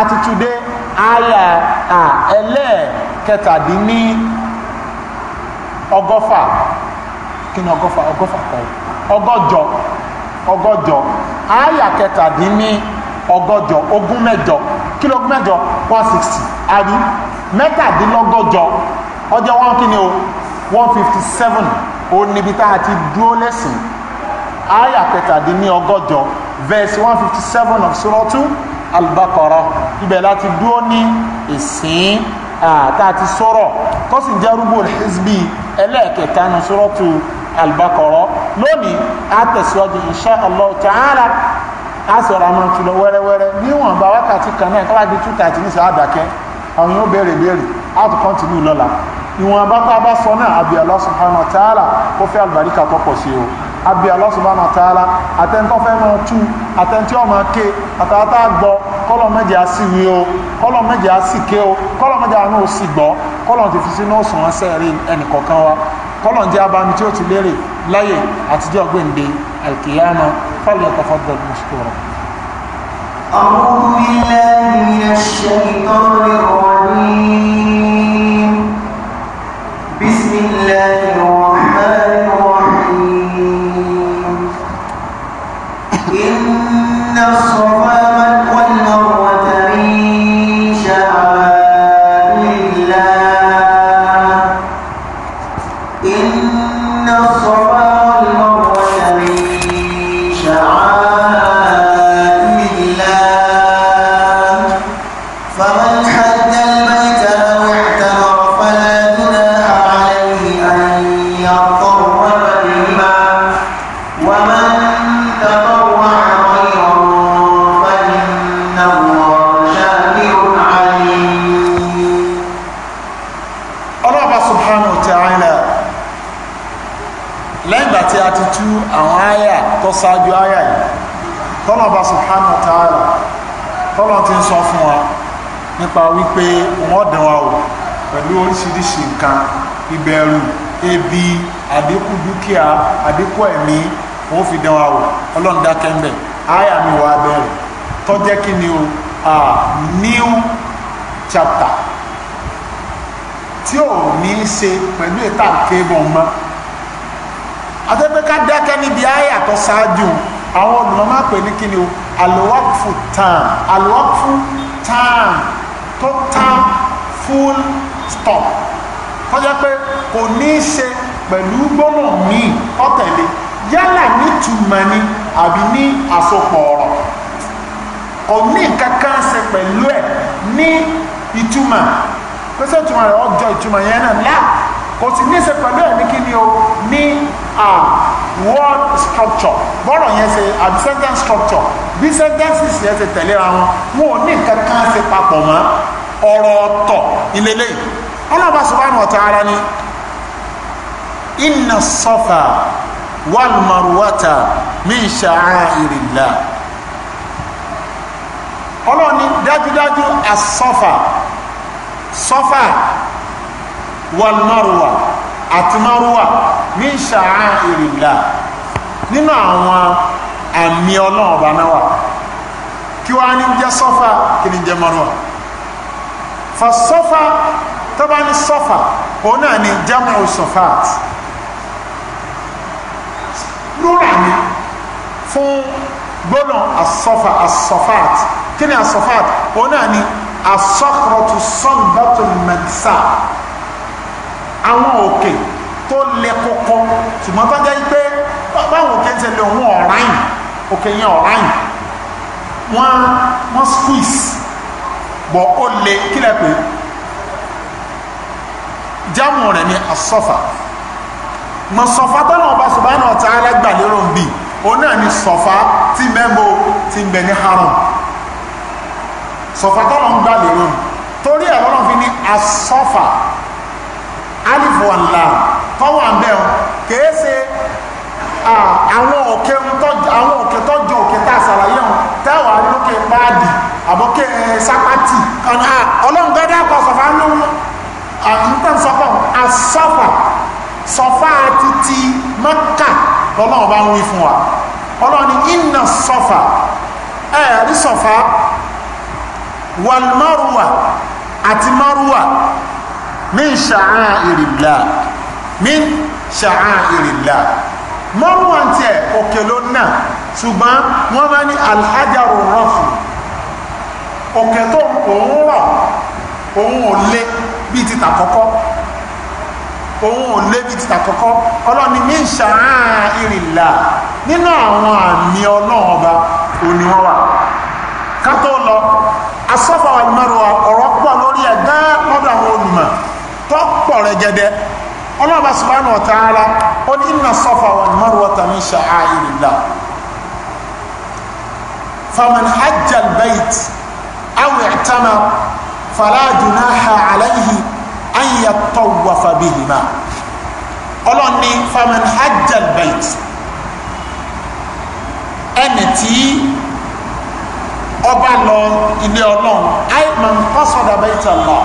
àti túdé àyà ẹlẹ́ẹ̀kẹtàdínní ọgọ́fà kí ni ọgọ́fà ọgọ́fà kọ́ ọgọ́jọ ọgọ́jọ àyà kẹtàdínní ọgọ́jọ ogún mẹ́jọ kí ogún mẹ́jọ one sixty àbí mẹ́tàdínlọ́gọ́jọ ọjọ́ wọn kí ni o one fifty seven ó níbi tá a ti dúró lẹ́sìn aya kẹtàdínní ọgọ́jọ verse one fifty seven of suratu al-Baqara ibẹ̀ láti dúró ní ìsìn tá a ti sọ̀rọ̀ tó sì hizbi ẹlẹ́ẹ̀kẹta ní suratu al-Baqara lónìí a tẹ̀síwájú insha Allah ta'ala a sọ̀rọ̀ àwọn ìtulọ̀ wẹ́rẹ́wẹ́rẹ́ níwọ̀nba wákàtí kan náà kọ́lá di two thirty ní sọ àdàkẹ́ àwọn yóò béèrè béèrè how to continue lọ́la ìwọ̀nba tá a bá sọ náà àbí Allah subhanahu wa ta'ala kó fẹ́ àlùbáríkà tó pọ̀ sí o abi Allah subhanahu wa ta'ala àtẹ́ntọ́ fẹ́ máa tú àtẹ́ntí ọmọ ké àtàtà gbọ́ kọ́lọ̀ mẹ́jẹ̀ á sì o kọ́lọ̀ mẹ́jẹ̀ á sì o kọ́lọ̀ mẹ́jẹ̀ á náà sì gbọ́ ti fi sínú òsùn ọ̀sẹ̀ rí ẹnìkọ̀ọ̀kan wa kọ́lọ̀ jẹ́ abami tí ó ti lérè láyè àtijọ́ gbèǹde alkiyama falyatafaddal mashkura. أعوذ بالله من الشيطان الرجيم بسم الله الرحمن الصغامة lẹ́yìn ìgbà tí a ti tú àwọn àyà tó ṣáájú àyà yìí tọ́lọ̀ bá subhanahu wa ta'ala tọ́lọ̀ ti ń sọ fún wa nípa wípé wọ́n dán o pẹ̀lú oríṣiríṣi nǹkan ìbẹ̀rù ebi àdínkù dúkìá àdínkù ẹ̀mí wọ́n fi dán wa o ọlọ́run dákẹ́ ń bẹ̀ àyà mi wà bẹ̀rẹ̀ tọ́jẹ́ kí ni o a new chapter tí ò ní í ṣe pẹ̀lú ìtàkébọ̀n mọ́ àtẹ́pẹ́ ká dákẹ́ níbi àyà tó ṣáájú àwọn olùmọ̀ máa pè ní kíni o alowakfu tam alowakfu tam tó tam full stop kọjá pé kò ní í ṣe pẹ̀lú gbọ́nà míì ọ̀tẹ̀lé yálà nítumọ̀ ni àbí ní àsopọ̀ ọ̀rọ̀ kò ní nǹkan kan ṣe pẹ̀lú ẹ̀ ní ìtumọ̀ pẹ́sẹ̀ ìtumọ̀ rẹ̀ ọjọ́ ìtumọ̀ yẹn náà láà kò sì ní ṣe pẹ̀lú ẹ̀mí kí ni o ní word structure bọ́rọ̀ yẹn ṣe àbí sentence structure bí sentences yẹn ṣe tẹ̀léra wọn wọn ò ní nǹkan kan ṣe papọ̀ mọ́ ọ̀rọ̀ ọ̀tọ̀ ìlélẹ̀ ọlọ́ba subhanahu wa ta'ala ni inna safa wal marwata min sha'airillah ọlọ́ni dájúdájú asọ́fà sọ́fà wàlmárùwà àti márùwà ní ṣàá ìrìlá nínú àwọn àmì ọlọ́run ọba náà wà kí wàá ní jẹ́ sọ́fà kí ní jẹ́ márùwà fa sọ́fà tó bá ní sọ́fà òun náà ní jamu sọ́fàt lóra ni fún gbọ́nà asọ́fà asọ́fàt kí ni asọ́fàt òun náà ní asọ́kọ̀rọ̀tù sọ́nbàtù mẹ́tìsà àwọn òkè tó lẹ kọkọ ṣùgbọ́n tó jẹ́ pé báwọn òkè ń tẹ̀lé wọn ọ̀ráyìn òkè yẹn ọ̀ráyìn wọ́n wọ́n squeeze bọ̀ ó lẹ kílẹ̀ pé jámù rẹ̀ ni asọ́fà mọ̀ sọ̀fà tọ́nà ọba subhanahu wa ta'ala gbà lérò ń bì òun náà ni sọ̀fà tí mẹ́mọ́ ti ń bẹ ní haram sọ̀fà tọ́nà ń gbà lérò ń torí ẹ̀ lọ́nà fi ní asọ́fà alifu ala tọ́wọ́ àbẹ́ ọ kìí ṣe àwọn òkè àwọn òkè tọ́jọ òkè tá a ṣàlàyé ọ táwọn alókè páàdì àbọ̀kẹ́ sápátì ọlọ́ngọ́dá kọ sọ̀fà lówó àtúntàn sọ́pọ̀ asọ́fà sọ́fà títí mọ́kà lọ́lọ́wọ́ bá ń wí fún wa ọlọ́ni iná sọ́fà ẹ̀ẹ́rí sọ́fà wàlmọ́rùwà àti mọ́rùwà من sha'airillah min من mọ́rùn-ún àti ẹ̀ òkè ló náà ṣùgbọ́n wọ́n máa ní alhajaru rafu òkè tó òun rọ̀ òun ò lé bíi ti tàkọ́kọ́ òun ò lé bíi ti tàkọ́kọ́ ọlọ́ni min sha'airillah nínú àwọn àmì ọlọ́run ọba òní wọ́n wà ká tó lọ asọ́fà wal marwa ọ̀rọ̀ pọ̀ lórí ẹ̀dá lọ́dọ̀ àwọn olùmọ̀ tọ́pọ̀ rẹ̀gẹ̀dẹ̀ ọlọ́ọ̀bá subhanahu wa ta'ala ó ní inna safa wal marwata min sha'airillah faman hajja albayt aw i'tamar fala junaha alayhi an yattawafa bihima ọlọ́ni faman hajja albayt ẹni tí ọba lọ ilé ọlọ́run ayman qasada baytallah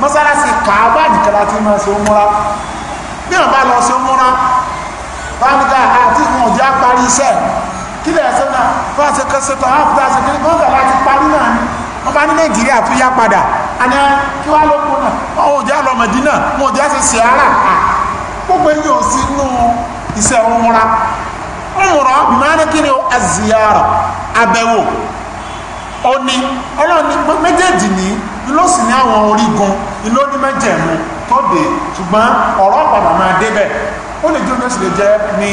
mọ́sálásí kàábà nìkan láti máa ṣe múra bí wọ́n bá lọ ṣe múra báńkà àti wọn ò já parí iṣẹ́ kí lè ṣe náà bá ṣe kẹsẹ̀ tó hàn fúdà ṣe kí wọ́n gbà láti parí náà ni wọ́n bá ní nàìjíríà tó yá padà àní ah, kí wọ́n ló kó náà wọn ò já lọ mọ̀dínà wọn ò já ṣe ṣẹ́ara ah, gbogbo yìí ò sí nú iṣẹ́ múra múra mìíràn kí ni aziyara abẹ́wò òní ọlọ́ọ̀ni méjèèjì nìí ló sì ní àwọn orígun ló ní mẹ́jẹ̀mú tó dé ṣùgbọ́n ọ̀rọ̀ padà máa débẹ̀ ó lè jẹ́ oníṣẹ́ lè jẹ́ ní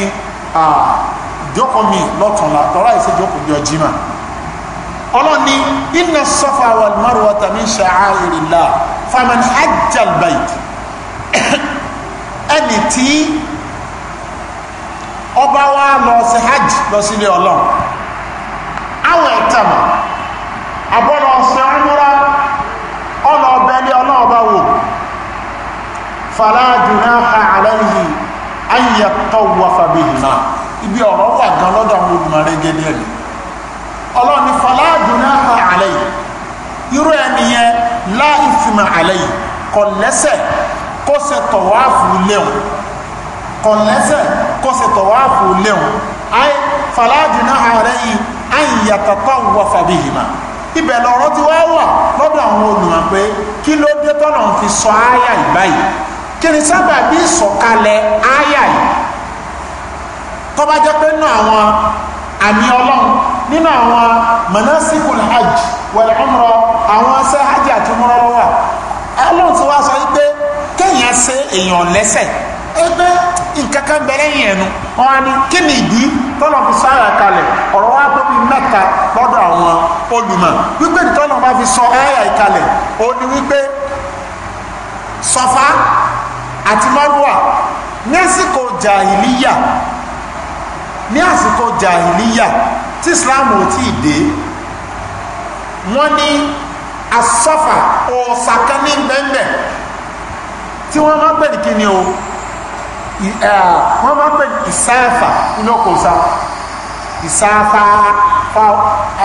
jókòó mi lọ́tọ̀ọ̀la tọ́lá ìṣèjókòó di ọjímà ọlọ́ni inna safa wal marwata min sha'airillah faman hajja albayt ẹni tí ọba wa lọ sí hajj lọ sí ọlọ́run àwọn ẹ̀tàmà abọ́lọ ọmúra fala junaha alayhi an yatawafa bihima ibi ọ̀rọ̀ wà gan lọ́dọ̀ àwọn olùmọ̀rẹ́ gẹ́gẹ́ ni ọlọ́run ni fala junaha alayhi irú ẹni yẹn la ithma alayhi kò lẹ́ṣẹ̀ kó ṣe tọ̀wáàfù léhùn kò lẹ́ṣẹ̀ kó ṣe tọ̀wáàfù léhùn ay fala junaha alayhi an yatatawafa bihima ibẹ̀ lọ̀rọ̀ ti wá wà lọ́dọ̀ àwọn olùmọ̀ pé kí ló dé tọ́nà fi kí ni sábàbí ìsọ̀kalẹ̀ áyà yìí tó bá jẹ́ pé nínú àwọn àmì ọlọ́run nínú àwọn manasikul hajj wal umra àwọn ṣe hajj àti umra lọ́wọ́ ọlọ́run ti wá sọ wípé kéèyàn ṣe èèyàn lẹ́sẹ̀ ẹgbẹ́ nǹkan kan bẹ̀rẹ̀ yẹn nu wọn ni kí ni ìdí tọ́lọ̀ fi sọ kalẹ̀ ọ̀rọ̀ wa tó fi mẹ́ta lọ́dọ̀ àwọn olùmọ̀ wípé tọ́lọ̀ bá fi sọ àyà kalẹ̀ ó wípé sọfá àti márùwà ní àsìkò jahiliya ní àsìkò jahiliya tí islam ò tí ì dé wọ́n ní asọ́fà ọ̀sàkán ní gbẹ́ngbẹ́ tí wọ́n máa ń pè ní kíni o wọ́n máa ń pè ní ìsáfà inú ọkọ̀ ọ̀sà ìsáfà fa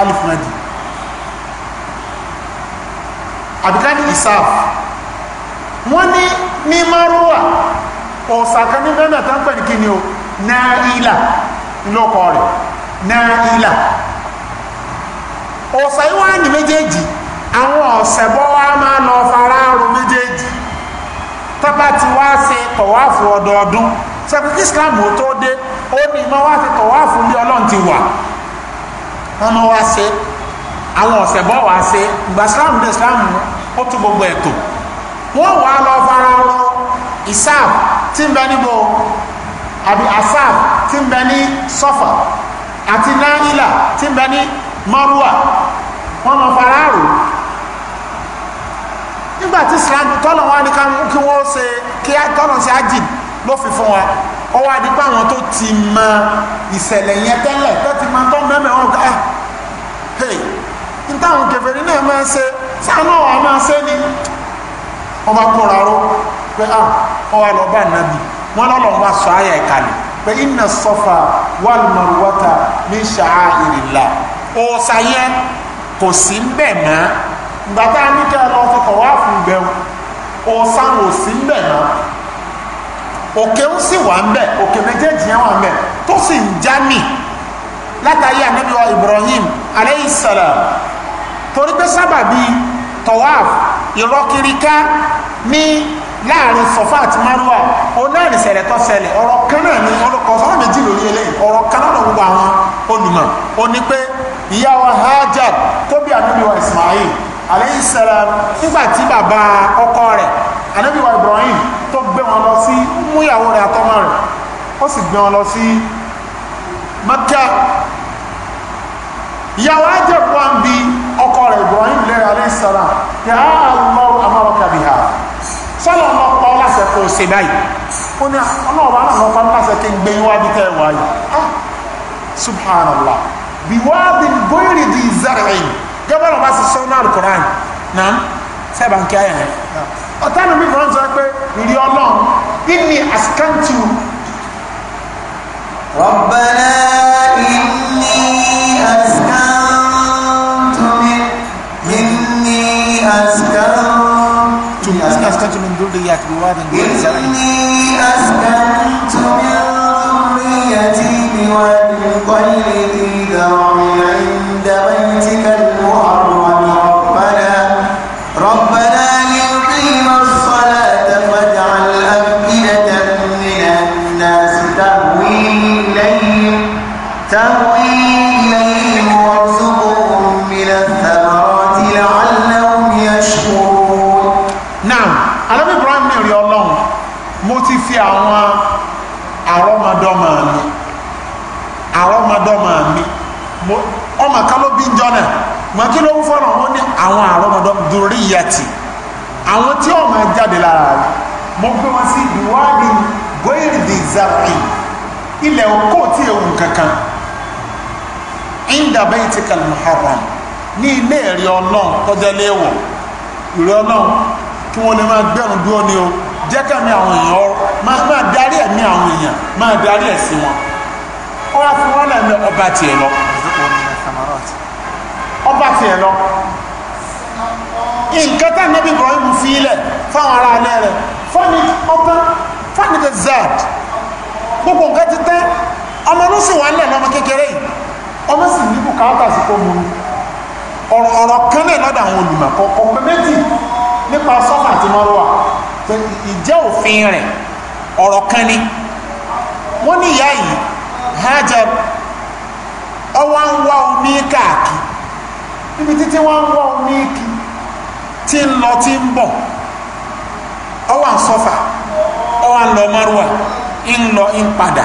alifunadi àbíká ní ìsáfà wọ́n ní ní márúwà ọ̀sàkan ní bẹ́ẹ̀ náà tán ní kíni o náà lọ́kọ̀ rẹ̀ náà ọ̀sà ní méjèèjì àwọn ọ̀sẹ̀ bọ́ wá máa lọ Islam ò tó dé ó ní ìmọ̀ wá tọ̀wáfù ilé ọlọ́run ti wà wọ́n wá àwọn Islam Islam ó tún gbogbo wọ́n wà lọ fara rọ isaf tí ń bẹ níbo àbí asaf tí ń bẹ ní sọfà àti náírà tí ń bẹ ní mọ́rúwà wọ́n lọ fara rò nígbà tí islam tọ́lọ̀ wọn ni kí wọ́n ṣe kí tọ́lọ̀ ṣe ájì ló fi fún wa ó wá di pé àwọn tó ti mọ ìṣẹ̀lẹ̀ yẹn tẹ́lẹ̀ tó ti mọ tó mẹ́mẹ́ wọn gbà ah, hey n táwọn kèfèrí náà máa ṣe sáà náà wà máa ṣe ni wọ́n bá kóra ró pé ah wọ́n wá lọ bá nàbì wọ́n lọ́lọ́ wá sọ àyà ìkàlẹ̀ pé inna safa wal marwata min sha'airillah ọ̀sà yẹn kò sí ń bẹ̀ mọ́ ìgbà tá a ní kí ẹ lọ fi kọ̀ wá fún gbẹ̀wò ọ̀sà ò sí ń mọ́ òkè ń sì wà ń bẹ̀ òkè méjèèjì yẹn wà ń bẹ̀ tó sì ń já mì látàrí ànábì wa Ibrahim aleyhisselam torí pé sábàbí tawaf ìrọkiriká ní láàrin sọfà àti márùwà ó náà ní ṣẹlẹ̀ tó ṣẹlẹ̀ ọ̀rọ̀ kan náà ni ọlọ́kọ̀ sọ́nà méjì lórí eléyìí ọ̀rọ̀ kan náà gbogbo àwọn olùmọ̀ ó ní pé ìyá wa Hajar tó bí ànábì wa Ismail alayhi salam nígbà tí bàbá ọkọ rẹ̀ ànábì wa Ibrahim tó gbé wọn lọ sí mú ìyàwó rẹ̀ àtọmọ rẹ̀ ó sì gbé wọn lọ sí Mẹ́kà ìyá wa Hajar wá ń bi ọkọ rẹ̀ Ibrahim lẹ́rẹ̀ aléìsára yà á lọ́rù amáraka biha sọ́lọ̀ ọmọ pa ọ́ láṣẹ kò ṣe báyìí ó ní ọlọ́ọ̀bá náà lọ́pá láṣẹ kí n gbé iwájú tẹ́ wà yìí ah subhanallah bí wá bí gbóyìrì di إني أسكنت من ذريتي بواد غير زرع إني أسكنت من ذريتي بواد غير duriyati àwọn tí ó máa jáde lára rẹ̀ mo gbé wọn sí ìwádìí gbèrèdè zaki ilẹ̀ okó tí ewu kankan inda baytika al-muharram ní ilé ẹ̀rí ọlọ́run tọ́jọ́ léèwọ̀ ìrí ọlọ́run kí wọ́n lè máa gbẹ̀rún dúró ni o jẹ́ kẹ́mi àwọn èèyàn máa darí ẹ̀mí àwọn èèyàn máa darí ẹ̀ sí wọn ó wá fi wọ́n lẹ́nu ọba tiẹ̀ lọ ọba tiẹ̀ lọ nǹkan tá nàbí Ibrahim fílẹ̀ fáwọn ará alẹ́ rẹ̀ fọ́ni ọgbọ́n fọ́ni the zad gbogbo nǹkan ti tẹ́ ọmọ ló sì wà ń lẹ̀ lọ́mọ kékeré yìí ọmọ sì ní bùkátà sí kó mu ọ̀rọ̀ kan náà lọ́dọ̀ àwọn olùmọ̀ kọ̀ọ̀kan pé méjì nípa sọ́fà àti mọ́rọ́wà ìjẹ́ òfin rẹ̀ ọ̀rọ̀ kan ni wọ́n ní ìyá yìí Hajar ọwọ́ ń wá omi káàkiri níbi títí wọ́n ń wá omi kiri tí ń lọ tí ń bọ̀ ọ à ń sọ́fà ọwọ́ à ń lọ mọ́rùwà ń lọ ń padà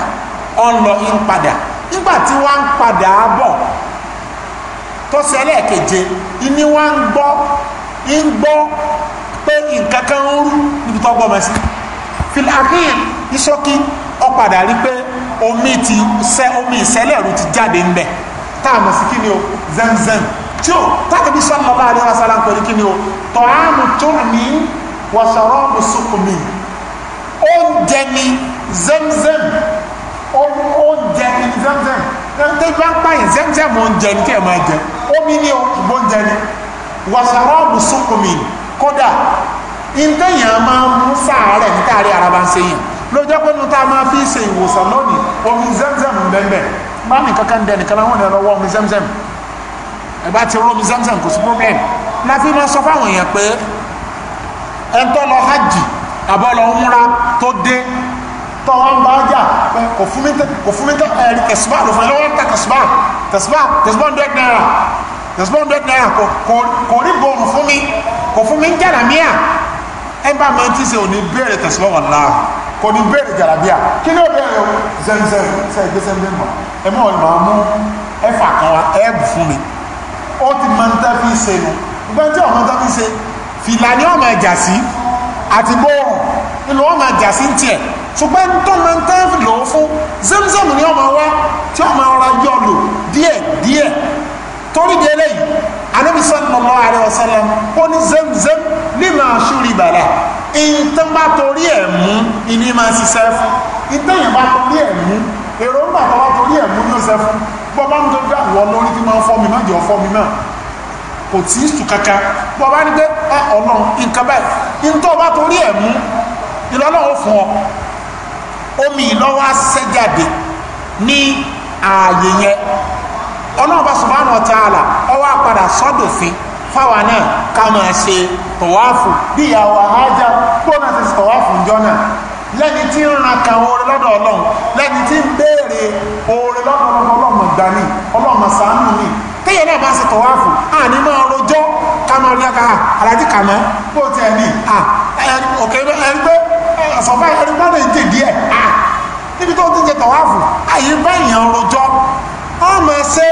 ọ ń lọ ń padà nígbà tí wọ́n ń padà bọ̀ tó ṣẹlẹ̀ keje ìní ń gbọ́ ń gbọ́ pé nǹkan kan ń rú níbi tó gbọ́mọ sí ọ padà rí pé omi ti sẹ́ omi ti jáde ń bẹ̀ tá a mọ̀ sí kí ni o zemzem. tí ó tábìlì sọ́nà bá ní ọ̀sán láǹkọ̀ ní kíni o tọ́hámù tó ní wọ̀ṣọ̀rọ̀mù sùkùmí oúnjẹ ni zemzem oúnjẹ ni zemzem tẹ́ bá ń pààyàn zemzem oúnjẹ ni kí ẹ máa jẹ omi ni o oh, oúnjẹ ni wọ̀ṣọ̀rọ̀mù sùkùmí kódà ìtẹ̀yàn máa ń mú sàárẹ̀ nítàrí araba ń sẹ́yìn ló jẹ́ pé nuta máa fi ṣe ìwòsàn lónìí omi zemzem bẹ́ẹ̀ bẹ́ẹ̀ má mi kankan dẹ̀ nìkan láwọn ọ̀nà ọwọ́ omi ẹ bá ti rómi zamzam kò sí problem láfi máa sọ fáwọn èèyàn pé ẹ ń tọ́ lọ hajj àbọ̀ lọ múra tó dé tọ́ wọn bá jà pé kò fún mi kò fún mi ẹ̀rí tẹ̀síbá ló fún ẹ lọ́wọ́ ń ta tẹ̀síbá tẹ̀síbá tẹ̀síbá ń dẹ́ náírà tẹ̀síbá ń dẹ́ náírà kò rí bòrò fún mi kò fún mi ń jàdà míà ẹ bá mi ti ṣe òní béèrè tẹ̀síbá wà náà kò ní béèrè jàdà bíà kí ló bẹ̀rẹ̀ o zẹ́nzẹ́n sẹ́yìn gbé sẹ́yìn mọ́ ẹ mọ́ ọ̀nà fà kan wa ẹ bù fún mi ó ti mọ tán fi ṣe nù gbọ́n tí ọmọ tán fi ṣe fìlà ni ọmọ ẹ̀jà sí àti bóòrùn ìlú ọmọ ẹ̀jà sí ń tiẹ̀ ṣùgbọ́n tó mọ tán fi lò ó fún zemzem ni ọmọ wa tí ọmọ ọra yọ lò díẹ̀ díẹ̀ torí di eléyìí anabi sallallahu alaihi wasallam ó ní zemzem lima shuriba lah ìtàn bá torí ẹ̀ mú ìní máa ṣiṣẹ́ fún ìtàn yẹn torí ẹ̀ mú èròǹgbà tó torí ẹ̀ mú ló ṣe fún bọ́ bá ń tó gbà wọ lórí tí máa ń fọ́ mi má jẹ́ ọ̀fọ́ mi náà kò tí í tù kaka bọ́ bá ní pé ah, ọ̀nà nǹkan báyìí ń tọ́ bá torí ẹ̀ mú ìlọ́lọ́wọ́ fún ọ omi ìlọ́wọ́ sẹ́jáde ní ààyè yẹn ọlọ́run bá subhanahu wa ta'ala ọwọ́ apàdà sọ́dọ̀fin fáwa náà ká máa ṣe tọ̀wáàfù bí ìyàwó àhájá bó ti ṣe ń jọ náà lẹ́ni tí ń ran kan oore lọ́dọ̀ ọlọ́run lẹ́ni tí ń béèrè oore lọ́dọ̀ ọlọ́run ìgbà ni ọlọ́run sàánù ni téèyàn náà bá ṣe tọ̀wáàfù àní máa rojọ́ ká máa rí aka alájí kàmá bó ti ẹ̀ ní òkè ẹgbẹ́ sọ̀fẹ́ ẹgbẹ́ náà ń tè díẹ̀ níbi tó ti ń ṣe tọ̀wáàfù àyè bá èèyàn rojọ́ á máa ṣe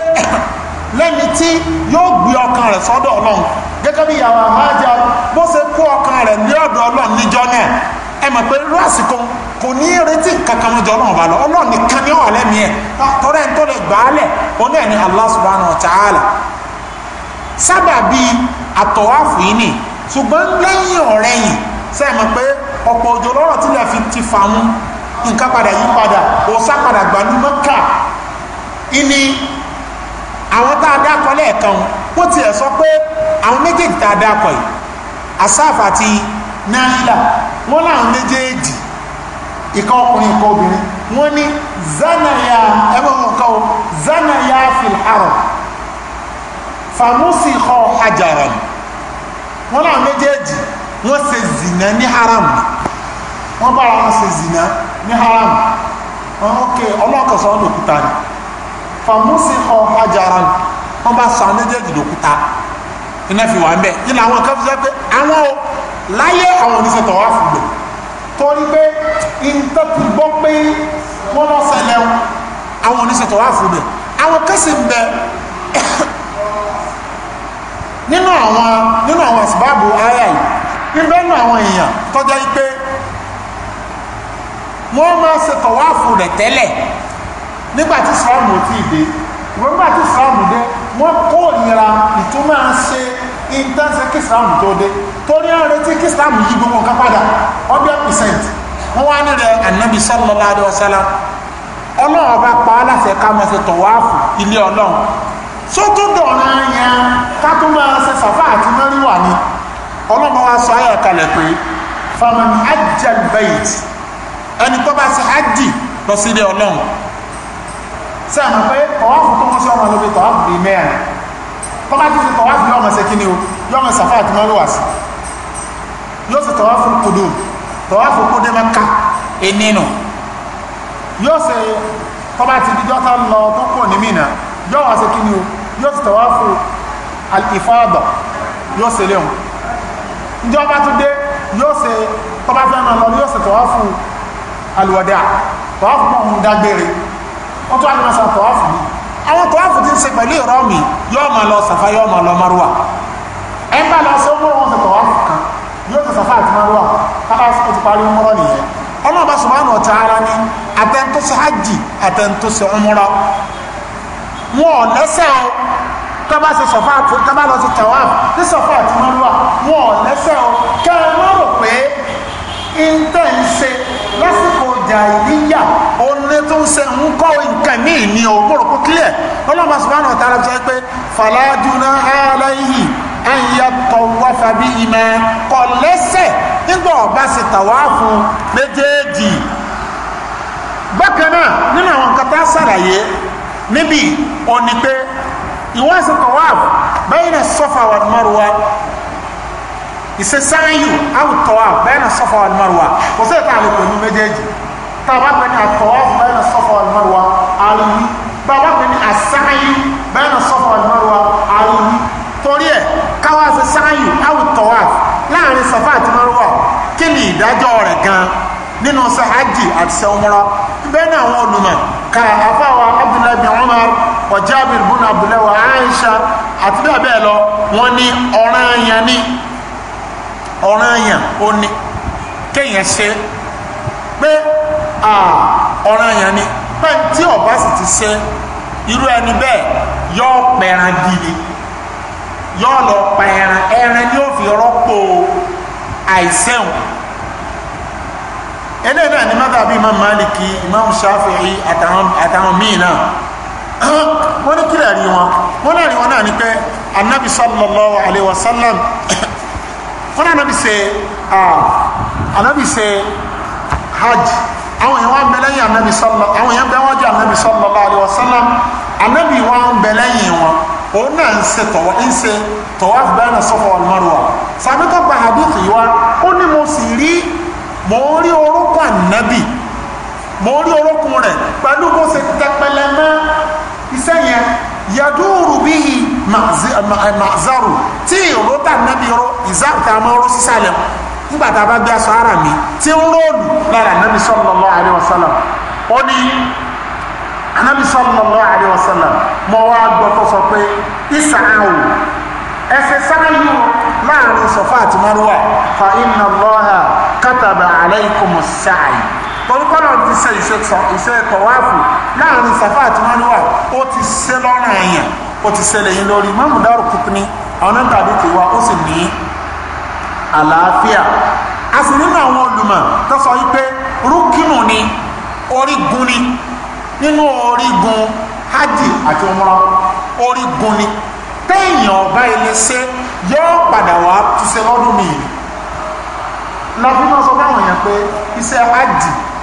[coughs] lẹ́ni tí yóò gbé ọkàn rẹ̀ sọ́dọ̀ ọlọ́run gẹ́gẹ́ bí ìyàwó àmájà bó ṣe kó ọkàn rẹ̀ ní ọ̀dọ̀ ọlọ́run níjọ́ náà ẹ mọ̀ pé irú àsìkò kò ní retí kankan mọ́jọ ọlọ́run bá lọ ọlọ́run nìkan ní ọ̀hà lẹ́mìí ẹ̀ ah, tọ́lẹ̀ ń tọ́lẹ̀ gbàálẹ̀ oní ẹ̀ ní Allah subhanahu wa ta'ala sábà bíi àtọ̀wáfù yìí nì ṣùgbọ́n lẹ́yìn ọ̀rẹ́ yìí sẹ́ mọ̀ pé ọ̀pọ̀ òjò lọ́rọ̀ tilẹ̀ fi ti fà mú nǹkan padà yí padà òòsà padà gbàlú mọ́kà ìní àwọn tá a dákọ lẹ́ẹ̀kan wọ́n tiẹ̀ sọ pé àwọn méjèèjì tá a dákọ yìí náhílà wọ́n láwọn méjèèjì ìka ọkùnrin ìka obìnrin wọ́n ní zanaya ẹgbẹ̀rún kan o zanaya filharo famusi kọ hajaran wọ́n láwọn méjèèjì wọ́n ṣe zina ní haram wọ́n bára wọn ṣe zina ní haram ok ọlọ́kọ̀sọ́ lòkúta ni famusi kọ hajaran wọ́n bá sọ méjèèjì lòkúta iná fi wà ń bẹ̀ yìí làwọn kan fi sọ pé àwọn o láyé àwọn oníṣẹ́ tọ̀wá fún gbò torí pé ìtọ́pù gbọ́ pé wọ́n lọ ṣẹlẹ̀ àwọn oníṣẹ́ tọ̀wá fún gbò àwọn kẹsì ń bẹ [coughs] nínú àwọn nínú àwọn àsìbáàbò ara yìí ń bẹ nínú àwọn èèyàn tọ́já pé wọ́n máa ṣe tọ̀wá fún rẹ̀ tẹ́lẹ̀ nígbà tí Islam ò tí ì dé ìwé nígbà tí Islam dé wọ́n kó ìnira ìtumọ̀ ṣe intense kislam tó dé torí à ń retí kislam yí gbogbo nǹkan padà hundred percent wọ́n wá nílẹ̀ anabi sallallahu alayhi wa sallam ọlọ́run ọba pa á láṣẹ ká máa ṣe tọ̀wáàfù ilé ọlọ́run sótúndọ̀ náà yẹn ká tó máa ṣe sàfà àti mẹ́rìnwá ni ọlọ́run wa sọ ayọ̀ kalẹ̀ pé faman hajj albayt ẹni tó bá ṣe hajj lọ sí ilé ọlọ́run sẹ́yìn pé tọ̀wáàfù tó wọ́n ṣe ọmọ bọ́bá tó fi tọ̀wá fún yọ́mọ̀ sí kí ni o yọ́mọ̀ sàfà àti mọ́lúwà sí yóò sì tọ̀wá fún kúdù tọ̀wá fún kúdù mẹ́ka ẹnìnù yóò sì tọ́bá ti díjọ́ tán lọ tó kù ní mìnà yóò wá sí kí ni o yóò sì tọ̀wá fún al-ifada yóò sì léhùn ìjọba tó dé yóò sì tọ́bá fẹ́ máa lọ yóò sì tọ̀wá fún al-wada tọ̀wá fún mọ́ àwọn tó àfùtí ń ṣe pẹ̀lú ìrọ́ mi yóò máa lọ sàfà yóò máa lọ márùwà ẹ bá lọ sí ọmọ wọn tọ̀wá kan yóò ti sàfà àti márùwà kápá ó ti parí mọ́rọ́ nìyẹn ọlọ́ọ̀bá subhanahu wa ta'ala ní àtẹ̀ntósí hajj àtẹ̀ntósí umrah wọn ò lẹ́sẹ̀ o kaba se sọfọ àti kaba lọ sí tawaf ní sọfọ àti mọ́lúwà wọn ò lẹ́sẹ̀ o kẹ́ ẹ má rò pé ń tẹ̀ ń ṣe lọ́sìn jàìlíyà ọ̀nà tó ń sẹ ń kọ́ nǹkan ní ìní ọgbọ́rọ̀ kó clear ọlọ́mà subhanahu wa ta'ala sọ pé fala junaha alayhi an yatawafa bihima kọ̀ lẹ́sẹ̀ nígbà ọ̀bá sì tàwáàfù méjèèjì bákan náà nínú àwọn nǹkan tá a ṣàlàyé níbi ọ̀nì pé ìwọ́n sì tàwáàfù bayna safa wal marwa ìsẹsáyù àwùtọ́wà bayna safa wal marwa kò sí ìta àlùkò ní méjèèjì tàbá pẹ̀ ní àtọ̀wáfù bẹ́ẹ̀ na sọ́fà almarwa àríwí bàbá pẹ̀ ní àsáyí bẹ́ẹ̀ na sọ́fà almarwa àríwí torí ẹ̀ káwá sí sáyí áwù tọ̀wáfù láàrin sọ́fà àti marwa kí ni ìdájọ́ gan nínú sahajì àti sẹ́wọ́mọ́ra bẹ́ẹ̀ ni àwọn olùmọ̀ ka àfáwà abdullahi bin umar wa jabir bin abdullahi wa aisha àti bẹ́ẹ̀ bẹ́ẹ̀ lọ wọ́n ní ọ̀ranyàn ní ọ̀ranyàn ó ní ọ̀ràn yẹn ni pẹ́ẹ́n tí ọba sì ti ṣe irú ẹni bẹ́ẹ̀ yọ pẹ̀ràn gidi yọ lọ pa ẹran ẹran ni ó fi rọ́pò àìsẹ̀wọ̀n eléyìí náà ni mọ́tàbí imam maliki imam shafi'i àtàwọn míì náà wọ́n ní kílẹ̀ rí wọn wọ́n náà rí wọn náà ni pé anabi sallallahu alayhi wa sallam wọ́n náà anabi ṣe anabi ṣe hajj àwọn èèyàn wá ń bẹ lẹ́yìn anabi sọlọ àwọn èèyàn bẹ wájú anabi sọlọ láàrin wasalam anabi wá ń bẹ lẹ́yìn wọn òun náà ń ṣe tọwọ ń ṣe tọwọ bẹẹna sọfọ almaruwa sàbí tó gba hadith yìí wá ó ní mo sì rí mo rí orúkọ anabi mo rí orúkọ rẹ pẹ̀lú bó ṣe tẹpẹlẹ mọ́ iṣẹ́ yẹn yadúrú bíi màzaru tí ìró tà nábì ìzáàtà máa ró sísàlẹ̀ nígbà tá a bá gbé aṣọ ara mi tí ń róòlù lára anabi sallallahu alaihi wasallam ó ní anabi sallallahu alaihi wasallam mọ wá gbọ́ tó sọ pé ìsàáwò ẹsẹ̀ sááyù láàrin sọfà àti márùwà fa inna Allaha kataba alaykumus sa'i orúkọ náà ti ṣe ìṣe tọ̀wáàfù láàrin sọfà àti márùwà ó ti ṣe lọ́rùn ẹ̀yàn ó ti ṣẹlẹ̀ yín lórí mọ́mùdárù kùtùnì àwọn tàbí tiwa ó sì ní àlàáfíà a sì nínú àwọn olùmọ̀ tó sọ wípé rúkìnù ni orígun ni nínú orígun hajj àti umrah orígun ni téèyàn ọba ilé ṣe yóò padà wá túnṣe lọ́dún míì lọ́bí máa sọ fáwọn èèyàn pé iṣẹ́ hajj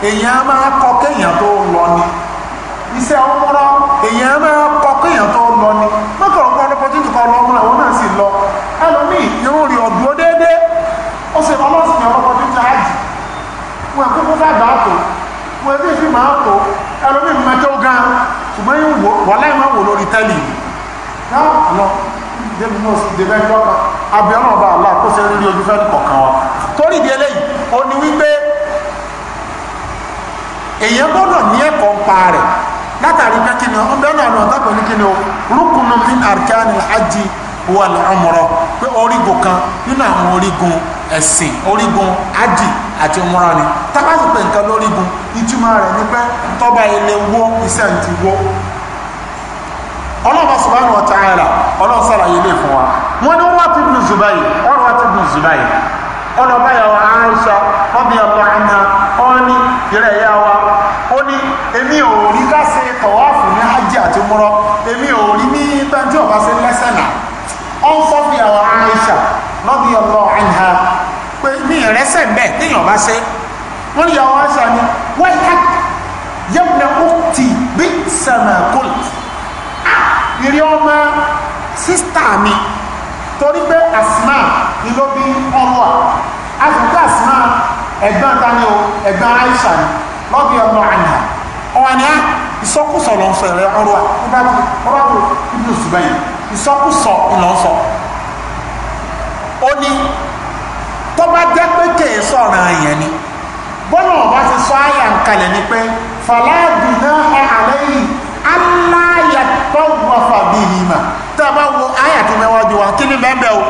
èèyàn máa kọ kéèyàn tó lọ ni iṣẹ́ umrah èèyàn máa kọ kéèyàn tó lọ ni mọ́kànlá ọgbọ́n ọdún pọ̀jù kọ́ lọ́múra wọn náà sì lọ ẹlòmíì yóò rí ó sì ọmọ sì ní ọ̀rọ̀ ọdún jáàjì wọn kúkú dàgbà tó wọn ẹbí fi máa tó ẹlòmíì máa tó gan ṣùgbọ́n yìí wò wọ́n láì máa wò lórí tẹ́lì náà lọ débi náà sì débẹ̀ ń lọ́kàn abẹ́ ọ̀nà ọba àlá kó ṣe rírí ojú fẹ́ẹ́ kọ̀ọ̀kan wa torí ìdí eléyìí ó ní wípé èèyàn gbọ́dọ̀ ní ẹ̀kọ́ ń pa rẹ̀ látàrí pé kí ni ọ bẹ́ẹ̀ náà lọ́ọ́ tápẹ́ ní kí ni o rúkùnù min arkanil hajji wal umrah pé orígun kan nínú àwọn orígun ẹ̀sìn orígun ájì àti múra ni tábàtì pé nǹkan lórígun ìtumọ̀ rẹ̀ ní pé tọ́ba ilé wọ́ iṣẹ́ ń ti wọ́ ọlọ́ọ̀bá ọlọ́ọ̀ sàlàyé lè fún wa wọ́n ní wọ́n ti zubayi ọlọba ti bùn zubayi ọlọ́ọ̀bá yà wá aisha ọbẹ̀ ọ̀bọ̀ àná ìrẹ̀ yà wá ó ní èmi ò rí ájì àti èmi ò rí ní ọ̀bá ṣe lẹ́sẹ̀ náà ọ̀n àwọn ọ̀bọ̀ àná pé ní ìrẹsẹ̀ bẹ́ẹ̀ téèyàn bá ṣe wọ́n ní yàwó àṣà ni wọ́n yá yẹ́bùnà ó ti bí sàmàkùn ìrí ọmọ sísítà mi torí pé àsìmá ni ló bí ọmọ à àtúntà àsìmá ẹ̀gbọ́n tani o ẹ̀gbọ́n aisha ni lọ́bí ọmọ àná ọ̀wà ni á ìsọkúsọ lọ sọ ẹ̀rẹ́ ọrọ̀ ọbátò ibùsùn bẹ́yìn ìsọkúsọ ìlọ́sọ ó ní tó bá jẹ́ pé kèé sọ̀rọ̀ àyàn ni bọ́nà ọba ti sọ àyà ń kalẹ̀ ni pé fàlàbì náà àlẹ́ yìí aláyà tó wà fàbí yìí mà tá a bá wo àyà tó mẹ́wájú wa kí ni bẹ́ẹ̀ o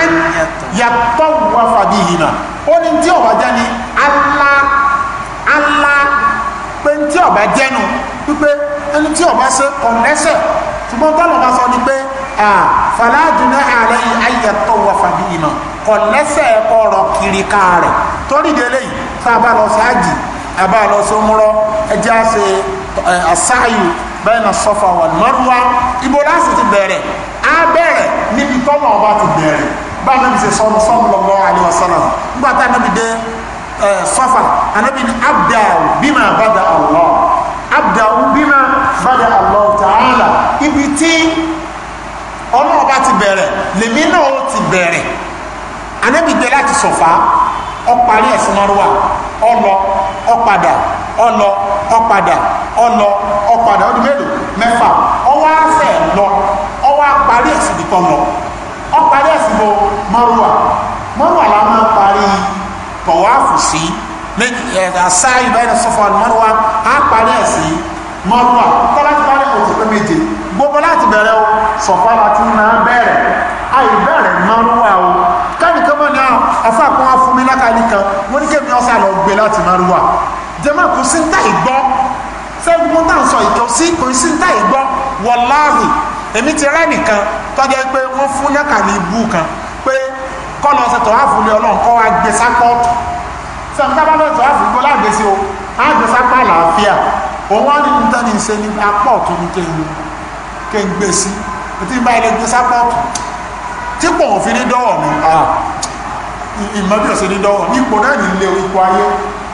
an yàtọ̀ wà fàbí yìí mà ó ní tí ọba jẹ́ ni alá alá pé tí ọba jẹ́ nu wípé ẹni tí ọba ṣe ọ̀nẹ́sẹ̀ ṣùgbọ́n tọ́lọ̀ bá sọ ni pé fàlàbì náà àlẹ́ yìí ayàtọ̀ wà fàbí yìí mà kọ̀ lẹ́sẹ̀ ọ̀rọ̀ kiri kan rẹ̀ torí délé yìí tá a bá lọ sí àjì a bá lọ sí múrọ́ ẹjẹ́ á ṣe àṣàyù bẹ́ẹ̀ na sọ́fà wà lọ́rùwá ibo láti ti bẹ̀rẹ̀ á bẹ̀rẹ̀ níbi tọ́mọ̀ ọba ti bẹ̀rẹ̀ bá a nàbì ṣe sọ́nù sọ́nù lọ́gbọ́ àlewà sọ́nà nígbà tá a nàbì dé sọ́fà ànàbì ní abdul bímà bàdà Allah abdul bímà bàdà Allah ta'ala ibi tí ọlọ́ọ̀ba ti bẹ̀rẹ̀ lèmi náà ti bẹ̀rẹ̀ anabi gbé láti sọ̀fà ọparí ẹ̀sìn márùwà ọlọ ọpadà ọlọ ọpadà ọlọ ọpadà ọdún mélòó mẹ́fà ọwọ́ afẹ́ lọ ọwọ́ aparí ẹ̀sìn bìkan lọ ọparí ẹ̀sìn bọ márùwà márùwà la máa parí tọ̀wáàfù sí àṣà ìbáyìí sọ̀fà márùwà á parí ẹ̀sìn márùwà tọ́lá ti parí òtún pé méje gbogbo láti bẹ̀rẹ̀ o sọ̀fà láti máa bẹ̀rẹ̀ àì bẹ̀rẹ̀ márùwà o afá kan wá fún mi lákàlí kan wọ́n ní kémi ọ̀sà lọ gbé láti márùwà jẹ́mọ́ kò sí ní táì gbọ́ sẹ́gun náà sọ ìtọ́ sí kò sí ní táì gbọ́ wọláhì èmi ti rẹ́ nìkan tọ́jọ́ pé wọ́n fún lákàlí ibú kan pé kọ́ lọ sẹ́tọ̀ wá fún mi ọlọ́run kọ́ wá gbé sápọ́ọ̀tù sẹ́gun tábà lọ́tọ̀ wá fún mi lágbèsè o àgbẹ̀sápá àlàáfíà òun wá ní níta ní ìṣe ní apá ọ̀tún ní kéyìn kéyìn gbèsè tí n bá ilé gbèsè apá ọ̀tún tí pọ̀ òfin ní dọ́wọ̀ mi ìmọ̀bí ọ̀sẹ̀ ní dọ́wọ́ ipò náà ní ilé ipò ayé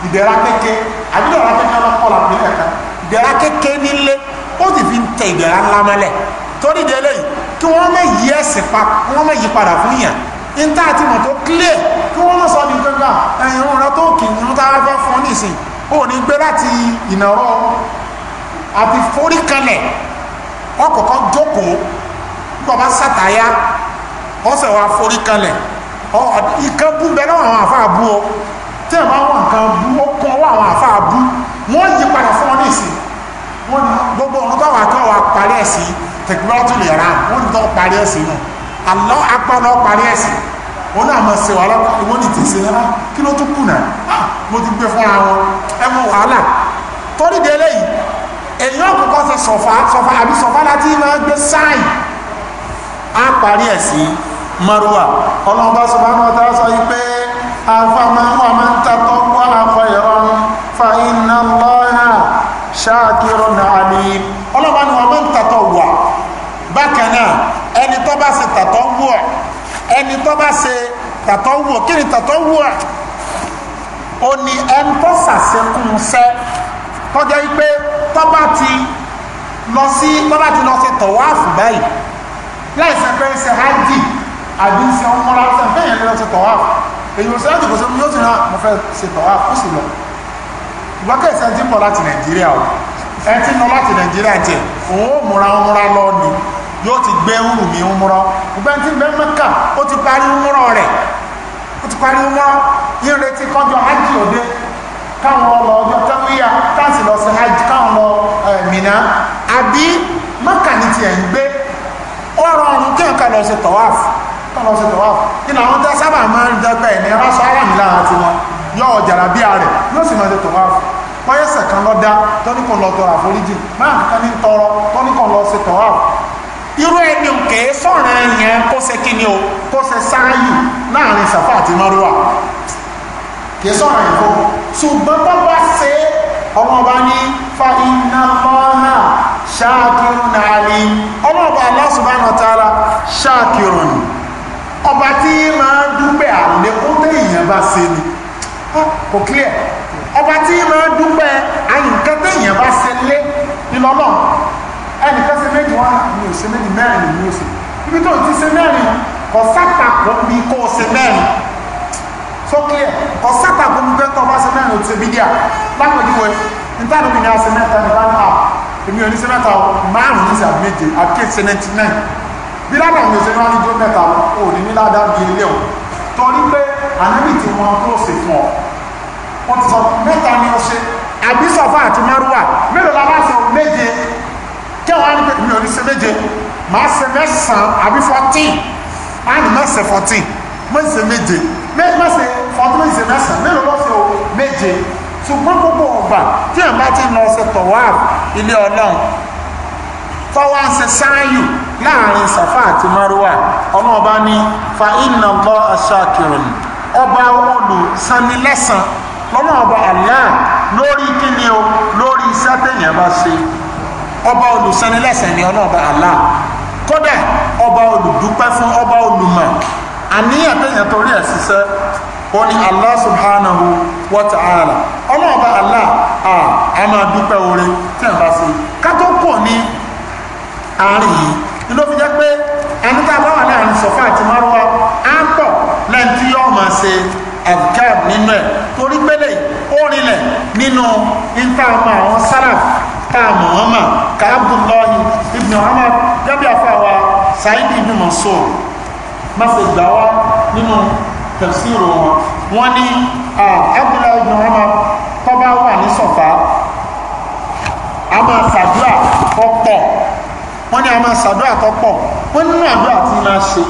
ìdẹ̀ra kéke àbídọ̀ra kéke ọlọ́pọ̀lọ́ àpilẹ̀ kan ìdẹ̀ra kéke nílé ó sì fi ń tẹ ìdẹ̀ra ńlá mọ́lẹ̀ torí ìdẹ̀ eléyìí kí wọ́n mọ̀ yí ẹ̀sìn pa wọ́n mọ̀ yí padà fún yàn ní tá àti mọ̀ tó clear kí wọ́n mọ̀ sọ ní gbẹ́gbà ẹ̀yìn òun rẹ tó kì í ta fẹ́ fún ọ nísìn ó ní gbé láti ìnàró àti forí kalẹ̀ ọkọ̀ọ̀kan jókòó bàbá sàtáyà ìkan bú bẹ náà àwọn àfa àbú ọ tí ẹ̀ máa wọ nǹkan bú ó kún ọwọ́ àwọn àfa àbú wọ́n yí padà fún ọ nísìn wọ́n ní gbogbo ọ̀run táwọn akẹ́wọ̀ parí ẹ̀sì tẹkinọ́lọ́tì lè ra wọ́n ní tọ́ parí ẹ̀sì náà àlọ́ apáná parí ẹ̀sì òun náà mọ̀ ṣe wàhálà ìwọ́n ní tẹ̀sí náà kí ló tún kùnà ah, mo ti gbé fúnra wọn ẹ mọ wàhálà torí de eléyìí èyàn kọ́kọ́ ṣe sọ̀fà sọ̀fà àbí sọ̀fà láti máa gbé sáì á parí ẹ̀sìn marwa ọlọ́ọ̀bá subhanahu wa ta'ala sọ yìí pé afaman wa man tatawwa'a khayran fa inna Allaha shakirun alim ọlọ́ọ̀bá ni wa man tatawwa bákan náà ẹni tó bá ṣe tatawwu ẹni tó bá ṣe tatawwu kí ni tatawwu ó ní ẹni tó ṣàṣekún sẹ́ tọ́jà yìí pé tọ́ba ti lọ sí tọ́ba ti lọ sí tọ̀wáàfù báyìí láìsẹ̀ pé ṣe hajj àbí ń ṣe ọmọ rárá sẹ́yìn fẹ́yìn lọ́dọ̀ ṣe tọ̀wá èyí ò sẹ́yìn kò sí yóò ti rán mo fẹ́ ṣe tọ̀wá ó sì lọ ìgbọ́kẹ́ ìṣẹ́ ti ń bọ̀ láti nàìjíríà o ẹ ti ń lọ láti nàìjíríà tiẹ̀ òun ó múra múra lọ ni yóò ti gbé wùrù mi múra ìgbà tí ń bẹ mẹ́kà ó ti parí múra rẹ̀ ó ti parí múra yín retí kọjọ hajj òde káwọn lọ ọjọ́ tẹ́wíyà táàsì lọ sí hajj káwọn lọ mìíràn àbí mẹ́kà ni tiẹ̀ ń gbé ó rọrùn kí n kà lọ ṣe tọ̀wáfù tọ́lọ ṣe tọ́wà kí ni àwọn tẹ́ sábà máa ń jẹ́pẹ́ ẹ̀ní aráṣọ aráàmì lára ti wọn yọ ọ̀jàrà bí ààrẹ yóò sì máa ṣe tọ́wà pọ́yẹ́sẹ̀ kan lọ dá tọ́níkan lọ tọrọ àforíjì máa nǹkan ní tọrọ tọ́níkan lọ ṣe tọ́wà irú ẹni òkè sọ̀rọ̀ ẹ̀yẹn kó ṣe kí ni o kó ṣe sáàyù láàrin sàfà àti márùwà kì í sọ̀rọ̀ ẹ̀yìn fún ṣùgbọ́n bá bá ṣe ọmọ ọba ní fa iná lọ́nà ṣáàkìrún náà ní ọmọ ọba Allah subhanahu wa ta'ala ṣáàkìrún ni ọba tí máa ń dúpẹ́ àlékún téèyàn bá ṣe ni kò clear ọba tí máa ń dúpẹ́ àyínkẹ́ téèyàn bá ṣe lé nílọ́lọ́ ẹnìkan ṣe méjì wá mi ò méjì mẹ́rin mi ò ibi tó ti se mẹ́rin kò sátàkùn bí kò se mẹ́rin so clear kò sátàkùn bí tó bá ṣe mẹ́rin ò ti ṣe bí díà lápẹjúwe níta ló ní a se mẹ́ta níta ní a èmi ò ní ṣe mẹ́ta márùn-ún ní ṣe àbí méje bí ládà mi ò ṣe máa ń jó mẹ́ta ò ní ní ládà bí ilé o torí pé ànábì tí wọn tó ṣe fún ọ wọn ti sọ mẹ́ta ni ó ṣe àbí sọfà àti mẹrùwà mélòó la bá sọ méje kẹwàá ni pé mi ò ní ṣe méje màá ṣe mẹ́sàn-án àbí fourteen á ní má ṣe fourteen má ṣe méje má ṣe fourteen má ṣe mẹ́sàn-án mélòó ló ṣe o méje ṣùgbọ́n gbogbo ọgbà tí ẹ̀ bá ti lọ ṣe tọ̀wá ilé ọlọ́run tọ́wọ́ ń ṣe sáyù láàrin sàfà àti márùwà ọlọ́ọ̀bá ní fa inna Allaha shakirun ọba olùsanilẹ́sàn lọ́lọ́ọ̀bá Allah lórí kíni o lórí iṣẹ́ tẹ̀yìn bá ṣe ọba olùsanilẹ́sàn ni ọlọ́ọ̀bá Allah kódà ọba olùdúpẹ́ fún ọba olùmọ̀ àníyàn tẹ̀yìn torí ẹ̀ ṣiṣẹ́ ó ní Allah subhanahu wa ta'ala ọlọ́ọ̀bá Allah a máa dúpẹ́ oore tẹ̀yìn bá ṣe ká pọ̀ ní àárín yìí ló fi jẹ́ pé ẹni tá a bá wà láàrin sọ̀fà àti márùwá á pọ̀ lẹ́yìn tí yóò máa ṣe adkar nínú ẹ̀ torí pélé ó rinlẹ̀ nínú ìtààmú àwọn sáraf táàmù ọmọ káàbùlọ́hì ibn Umar gẹ́bí àfàwà Sa'id ibn Mansur má fi gbà wá nínú tafsiru wọn wọ́n ní Abdullahi ibn Umar tó bá wà ní sọ̀fà a máa ṣàdúrà ọ̀pọ̀ wọ́n ní a máa ṣàdúrà tó pọ̀ wọ́n nínú àdúrà tí máa ṣe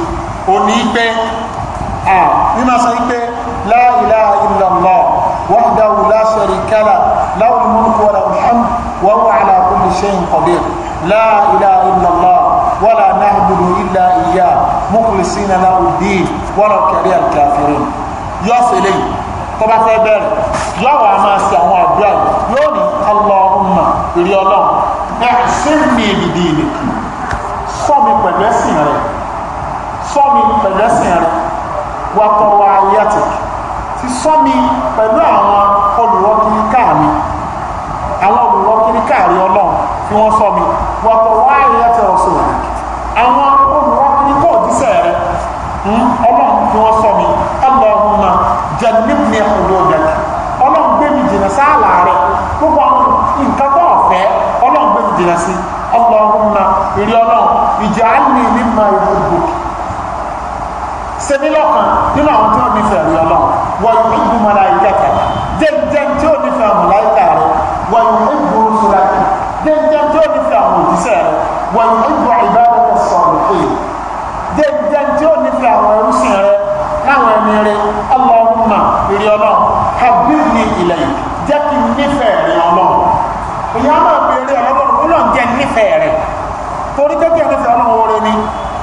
òní pé à ní máa sọ wípé la ilaha illallah wahdahu la sharika lah lahul mulku wa lahul hamd wa huwa ala kulli shay'in qadir la ilaha illallah wala na'budu illa iyyah mukhlisina lahu ddin wala kariha al-kafirun yọ́ sẹ́lẹ̀ yìí tó bá fẹ́ bẹ̀rẹ̀ yóò wá máa ṣe àwọn àdúrà yóò ní Allahumma ìrí ọlọ́run ẹ̀sìn mi ìdí ìdí fọ́mi pẹ̀lú ẹ̀sìn rẹ̀ fọ́mi pẹ̀lú ẹ̀sìn rẹ̀ wàkọ̀wà ayatik ti sọ́mi pẹ̀lú àwọn olùwọ́kiri káàmi àwọn olùwọ́kiri káàrí ọlọ́run fi wọ́n sọ́mi wàkọ̀wà ayatik ọ̀sọ̀ àwọn olùwọ́kiri kọ́ òjíṣẹ́ rẹ̀ hmm? ọlọ́run fi wọ́n sọ́mi Allahumma jannibni hududak ọlọ́run gbé mi jìnà sáà láàrẹ̀ gbogbo àwọn nǹkan tó ọ̀fẹ́ ọlọ́run gbé mi jìnà sí i Allahumma ìrí ọlọ́run ij'alni mimma yuhibbuk sẹ́mílọ́kan nínú àwọn tí ó nífẹ̀ẹ́ rí ọlọ́run wa yuhibbu malaikata jẹ́jẹ́ tí ó nífẹ̀ẹ́ àwọn màláìkà rẹ̀ wa yuhibbu rusulaka jẹ́jẹ́ tí ó nífẹ̀ẹ́ àwọn òjíṣẹ́ rẹ̀ wa yuhibbu ibadaka salihin jẹ́jẹ́ tí ó nífẹ̀ẹ́ àwọn ẹrúsìn rẹ̀ láwọn ẹni rẹ̀ Allahumma ìrí ọlọ́run habibni ilayk jẹ́ kí n nífẹ̀ẹ́ rí ọlọ́run ìyá náà ìfẹ́ rẹ̀ torí pé kí ẹni fẹ́ ọlọ́run oore ni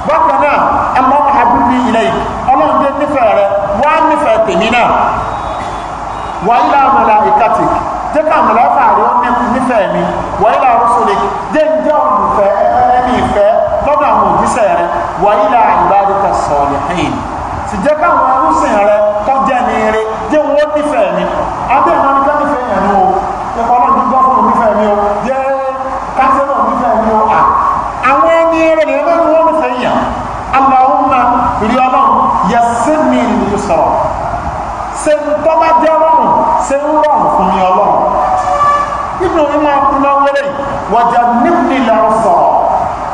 bákan náà Allahu habibi ilayk ọlọ́run dé nífẹ̀ẹ́ rẹ̀ wá nífẹ̀ẹ́ tèmi náà wa ila malaikatik jẹ́ ká mọ̀láfà rẹ̀ ó nífẹ̀ẹ́ mi wa ila rusulik jẹ́ ń jẹ́ olùfẹ́ ẹni ìfẹ́ lọ́dọ̀ àwọn òjíṣẹ́ rẹ̀ wa ila ibadika salihin sì jẹ́ káwọn arúsìn rẹ̀ kọjá ní eré jẹ́ wọ́n nífẹ̀ẹ́ mi abẹ́ ìmọ̀lẹ́kẹ́ ṣe ń tọ́ba jẹ́ rọrùn ṣe ń rọrùn fún mi ọlọ́run nínú mímọ́ ọkùnrin wẹ́rẹ́ yìí wọ́jà níbi ìlànà sọ̀rọ̀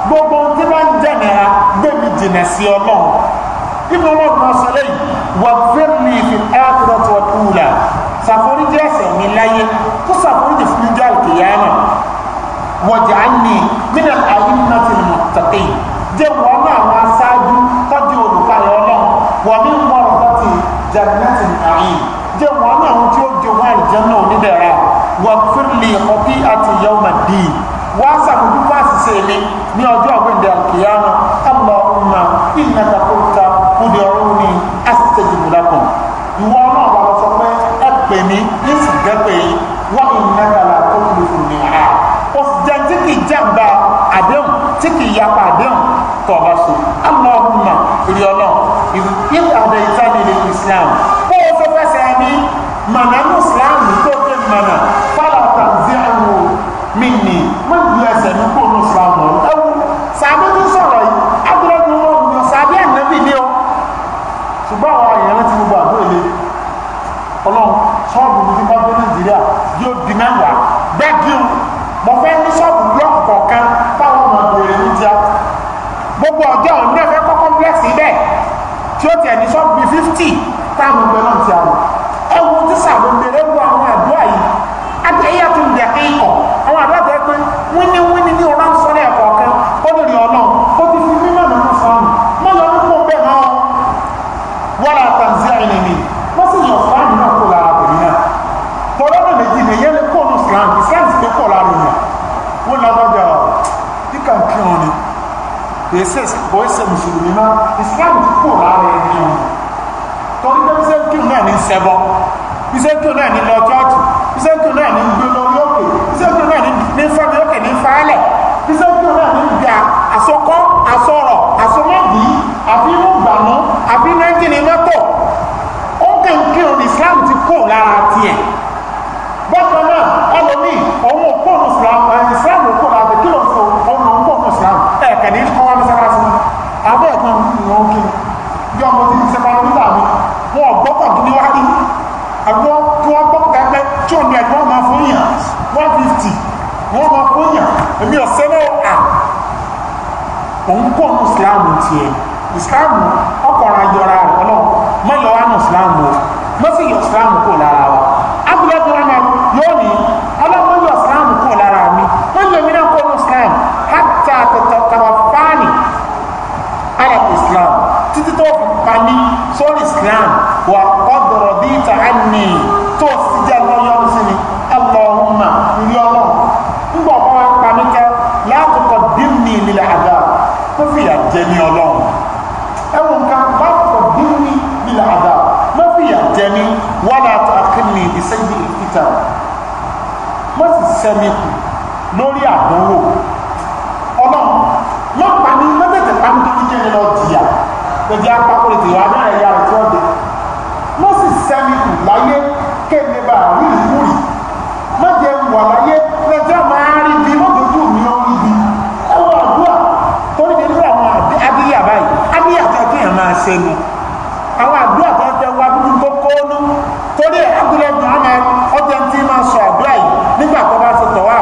gbogbo tí wọ́n ń jẹ́ nira gbẹ̀mí jìnà sí ọlọ́run nínú ọlọ́run ọ̀sẹ̀lẹ̀ yìí wà fẹ́ẹ̀lì ìfì áàtúrọ̀tù ọ̀túnlá ṣàforíjì ẹ̀ṣẹ̀ mi láyé kó ṣàforíjì fún mi jọ àlùkìyàmà wọ́jà á ní nínú àyín náà ti mọ̀ tàkì jẹ́ wọ́n náà wọ́n aṣáájú tọ́jú olùkọ́ àwọn ọlọ́run wọ́n mi wọ jannati na'im jẹ́ wọn náà wọn tí ó o wọn àlùjánnà onídẹ̀ra waghfir li khati'ati yawma ddin wá sàmójú wá àṣìṣe mi ní ọjọ́ àgbẹ̀dẹ̀ àkìyàmà Allahumma innaka qulta ud'uni astajib lakum ìwọ náà wà lọ sọ pé ẹ pè mí ní sì gẹ́pẹ̀ yìí wa innaka la tukhlifu al-mi'ad ó sì jẹ́ tí kì í jàǹbá àdéhùn tí kì í yapa àdéhùn tọ̀ bá so Allahumma ìrì ọlọ́run if ada itali ni islam bó o fẹ́ fẹsẹ̀ ní mànà ní islam tó dé mànà fàlà tàbí àwọn mi ni wọ́n gbé ẹsẹ̀ ní kó ní islam lọ. ẹwù sàbí tó sọ̀rọ̀ yìí abúlọ́dún wọn lọ sàbí ànábì ni ó ṣùgbọ́n àwọn èèyàn ti gbogbo àbúrò ilé ọlọ́run sọ́ọ̀bù mi ti bá dé nàìjíríà tí ó tiẹ̀ ní sọ́ọ̀bù bíi fifty táàmù gbẹ náà ti àwọn. kìí ṣe kò ṣe mùsùlùmí mọ́ islam kò lára ẹni wọn torí pé bíṣẹ́ kí náà ní ṣẹbọ bíṣẹ́ kí náà ní lọ chọ́ọ̀tù bíṣẹ́ kí náà ní gbé lọ lókè bíṣẹ́ kí náà ní fọ́bi lókè ní fàálẹ̀ bíṣẹ́ kí náà ní gbà àsọkọ́ àsọ̀rọ̀ àsọmọ́bí àfi inú gbàmú àfi náà ní mọ́tò ó kẹ́kẹ́ o islam ti kò lára tiẹ̀ bákan náà ẹlòmíì òun ò kó islam ọkọ̀ ní wáyé àgbọ́ tí wọ́n gbọ́ gbẹ́gbẹ́ tí ò ní ẹ̀gbọ́n máa fún yàn one fifty wọ́n máa fún yàn èmi ọ̀sẹ́ náà à òun kọ́ ọ̀nà ìsìláàmù tiẹ̀ ìsìláàmù ọkọ̀ ara yọra rẹ̀ ọlọ́run mọ́ yọ wá nù ìsìláàmù o mọ́ sì yọ ìsìláàmù kò lára wa abúlé tó wá náà yóò ní ọlọ́mọ yọ ìsìláàmù kò lára mi wọ́n yọ mí náà kọ́ ọ̀nà ìsìláàmù hátà tọ̀tọ̀tọ̀ fáàní ara ìsìláàmù títí tó fi pa mí sórí ìsìláàmù wà kọ́dọ̀rọ̀ bí ìta ẹni tó sì jẹ́ lọ́yọ́ sí ni Allahumma ilé ọlọ́run nígbà ọkọ̀ wa pa mí ká látọkọ̀ dín ní ìlera àdá tó fìyà jẹ ní ọlọ́run ẹ̀wọ̀n kan látọkọ̀ dín ní ìlera àdá má fìyà jẹ ní wàlá àkínní ìsẹ́yìn ìfìtà má sì sẹ́mi kù lórí àdánwò ọlọ́run lọ́pàá ní mẹ́tẹ̀ẹ̀tẹ̀ pàmítorí jẹ́ ní lọ́ọ́ jìyà gbẹ̀dẹ̀ apá kò lè tèèyàn náà yára sẹ́mi kù láyé kéde bá rí ìwúrì má jẹ́ wà láyé lẹ́jọ́ máa rí bí mọ́tòtò mi ọ́ rí bí ẹ wọ àdúrà torí ní nílò àwọn abíyà báyìí abíyà tó kéèyàn máa ṣẹnu àwọn àdúrà tó ń tẹ wá dúdú kókó nú torí ẹ abúlé dùn ámà ọjọ́ tí máa sọ àdúrà yìí nígbà tó bá ti tọ̀ wá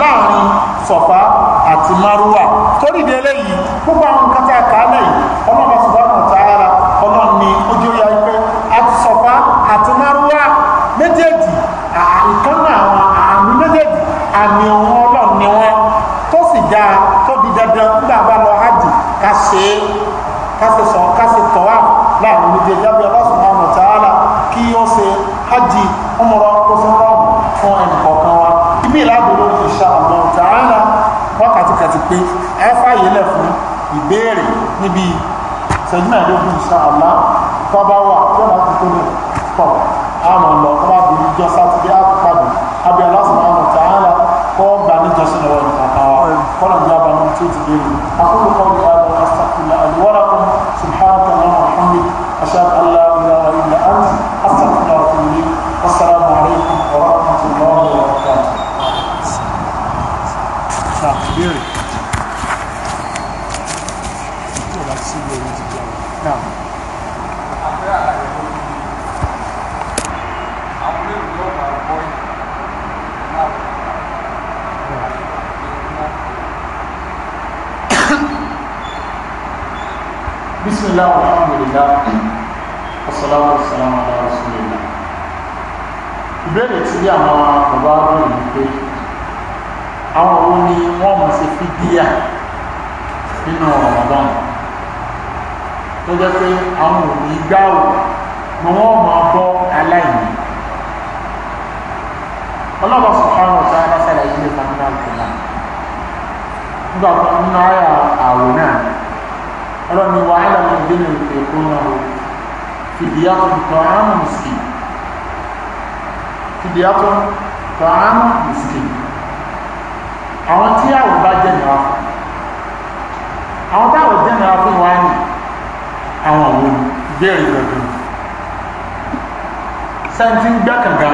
láàrin sọ̀fà àti márúwà torí ìdílé yìí púpọ̀ àwọn se ṣe káṣe sàn káṣe tọ́wà láàrin méjèèjì àbí Allah subhanahu wa ta'ala kí ó ṣe hajj ọmọrọ ó ṣe rọrùn fún ẹnì kọ̀ọ̀kan wa ibi ìlàdúró insha Allah ta'ala wákàtí kàti pé ẹ fààyè lẹ̀ fún ìbéèrè níbi ìṣẹ́jú mẹ́ẹ̀ẹ́dógún insha Allah tọ́ba wà yóò láti tó lè pọ̀ àmọ́ lọ tọ́ba bí ìjọ sátidé àpàdé àbí Allah subhanahu wa ta'ala kọ́ gbà níjọsìn lọ́wọ́ ìtàkà wa kọ́nà ìjábọ̀ ní tí ó ti dé rí akókò kọ́ ìyá lọ́wọ́ إلا أنا سبحانك اللهم وبحمدك أشهد أن لا إله إلا أنت أستغفرك bisimilah alhamdulilah wasalaam wasalaam ala rasulillah ìbéèrè tí àwọn bàbá bèrè ni pé àwọn wo ni wọ́n mọ̀ sí fídíà nínú Ramadan tó jẹ́ pé àwọn òbí gbáwò ni wọ́n mọ̀ bọ́ aláìní ọlọ́ba subhanahu wa ta'ala sàlàyé nípa nínú àlùkò náà nígbà tó nínú àyà àwò náà ọlọ́ni wà á lọ́wọ́ ìdílé èkó náà fìdíyàtọ̀ tọ́hámù mùsùlì fìdíyàtọ̀ tọ́hámù mùsùlì àwọn tí àwọn bá jẹ́ nìyà fún àwọn táwọn jẹ́ nìyà fún wa ní àwọn àwọn bẹ́ẹ̀rẹ̀ gbẹ̀gbẹ̀ sẹ́ńtì ń gbẹ́ kànga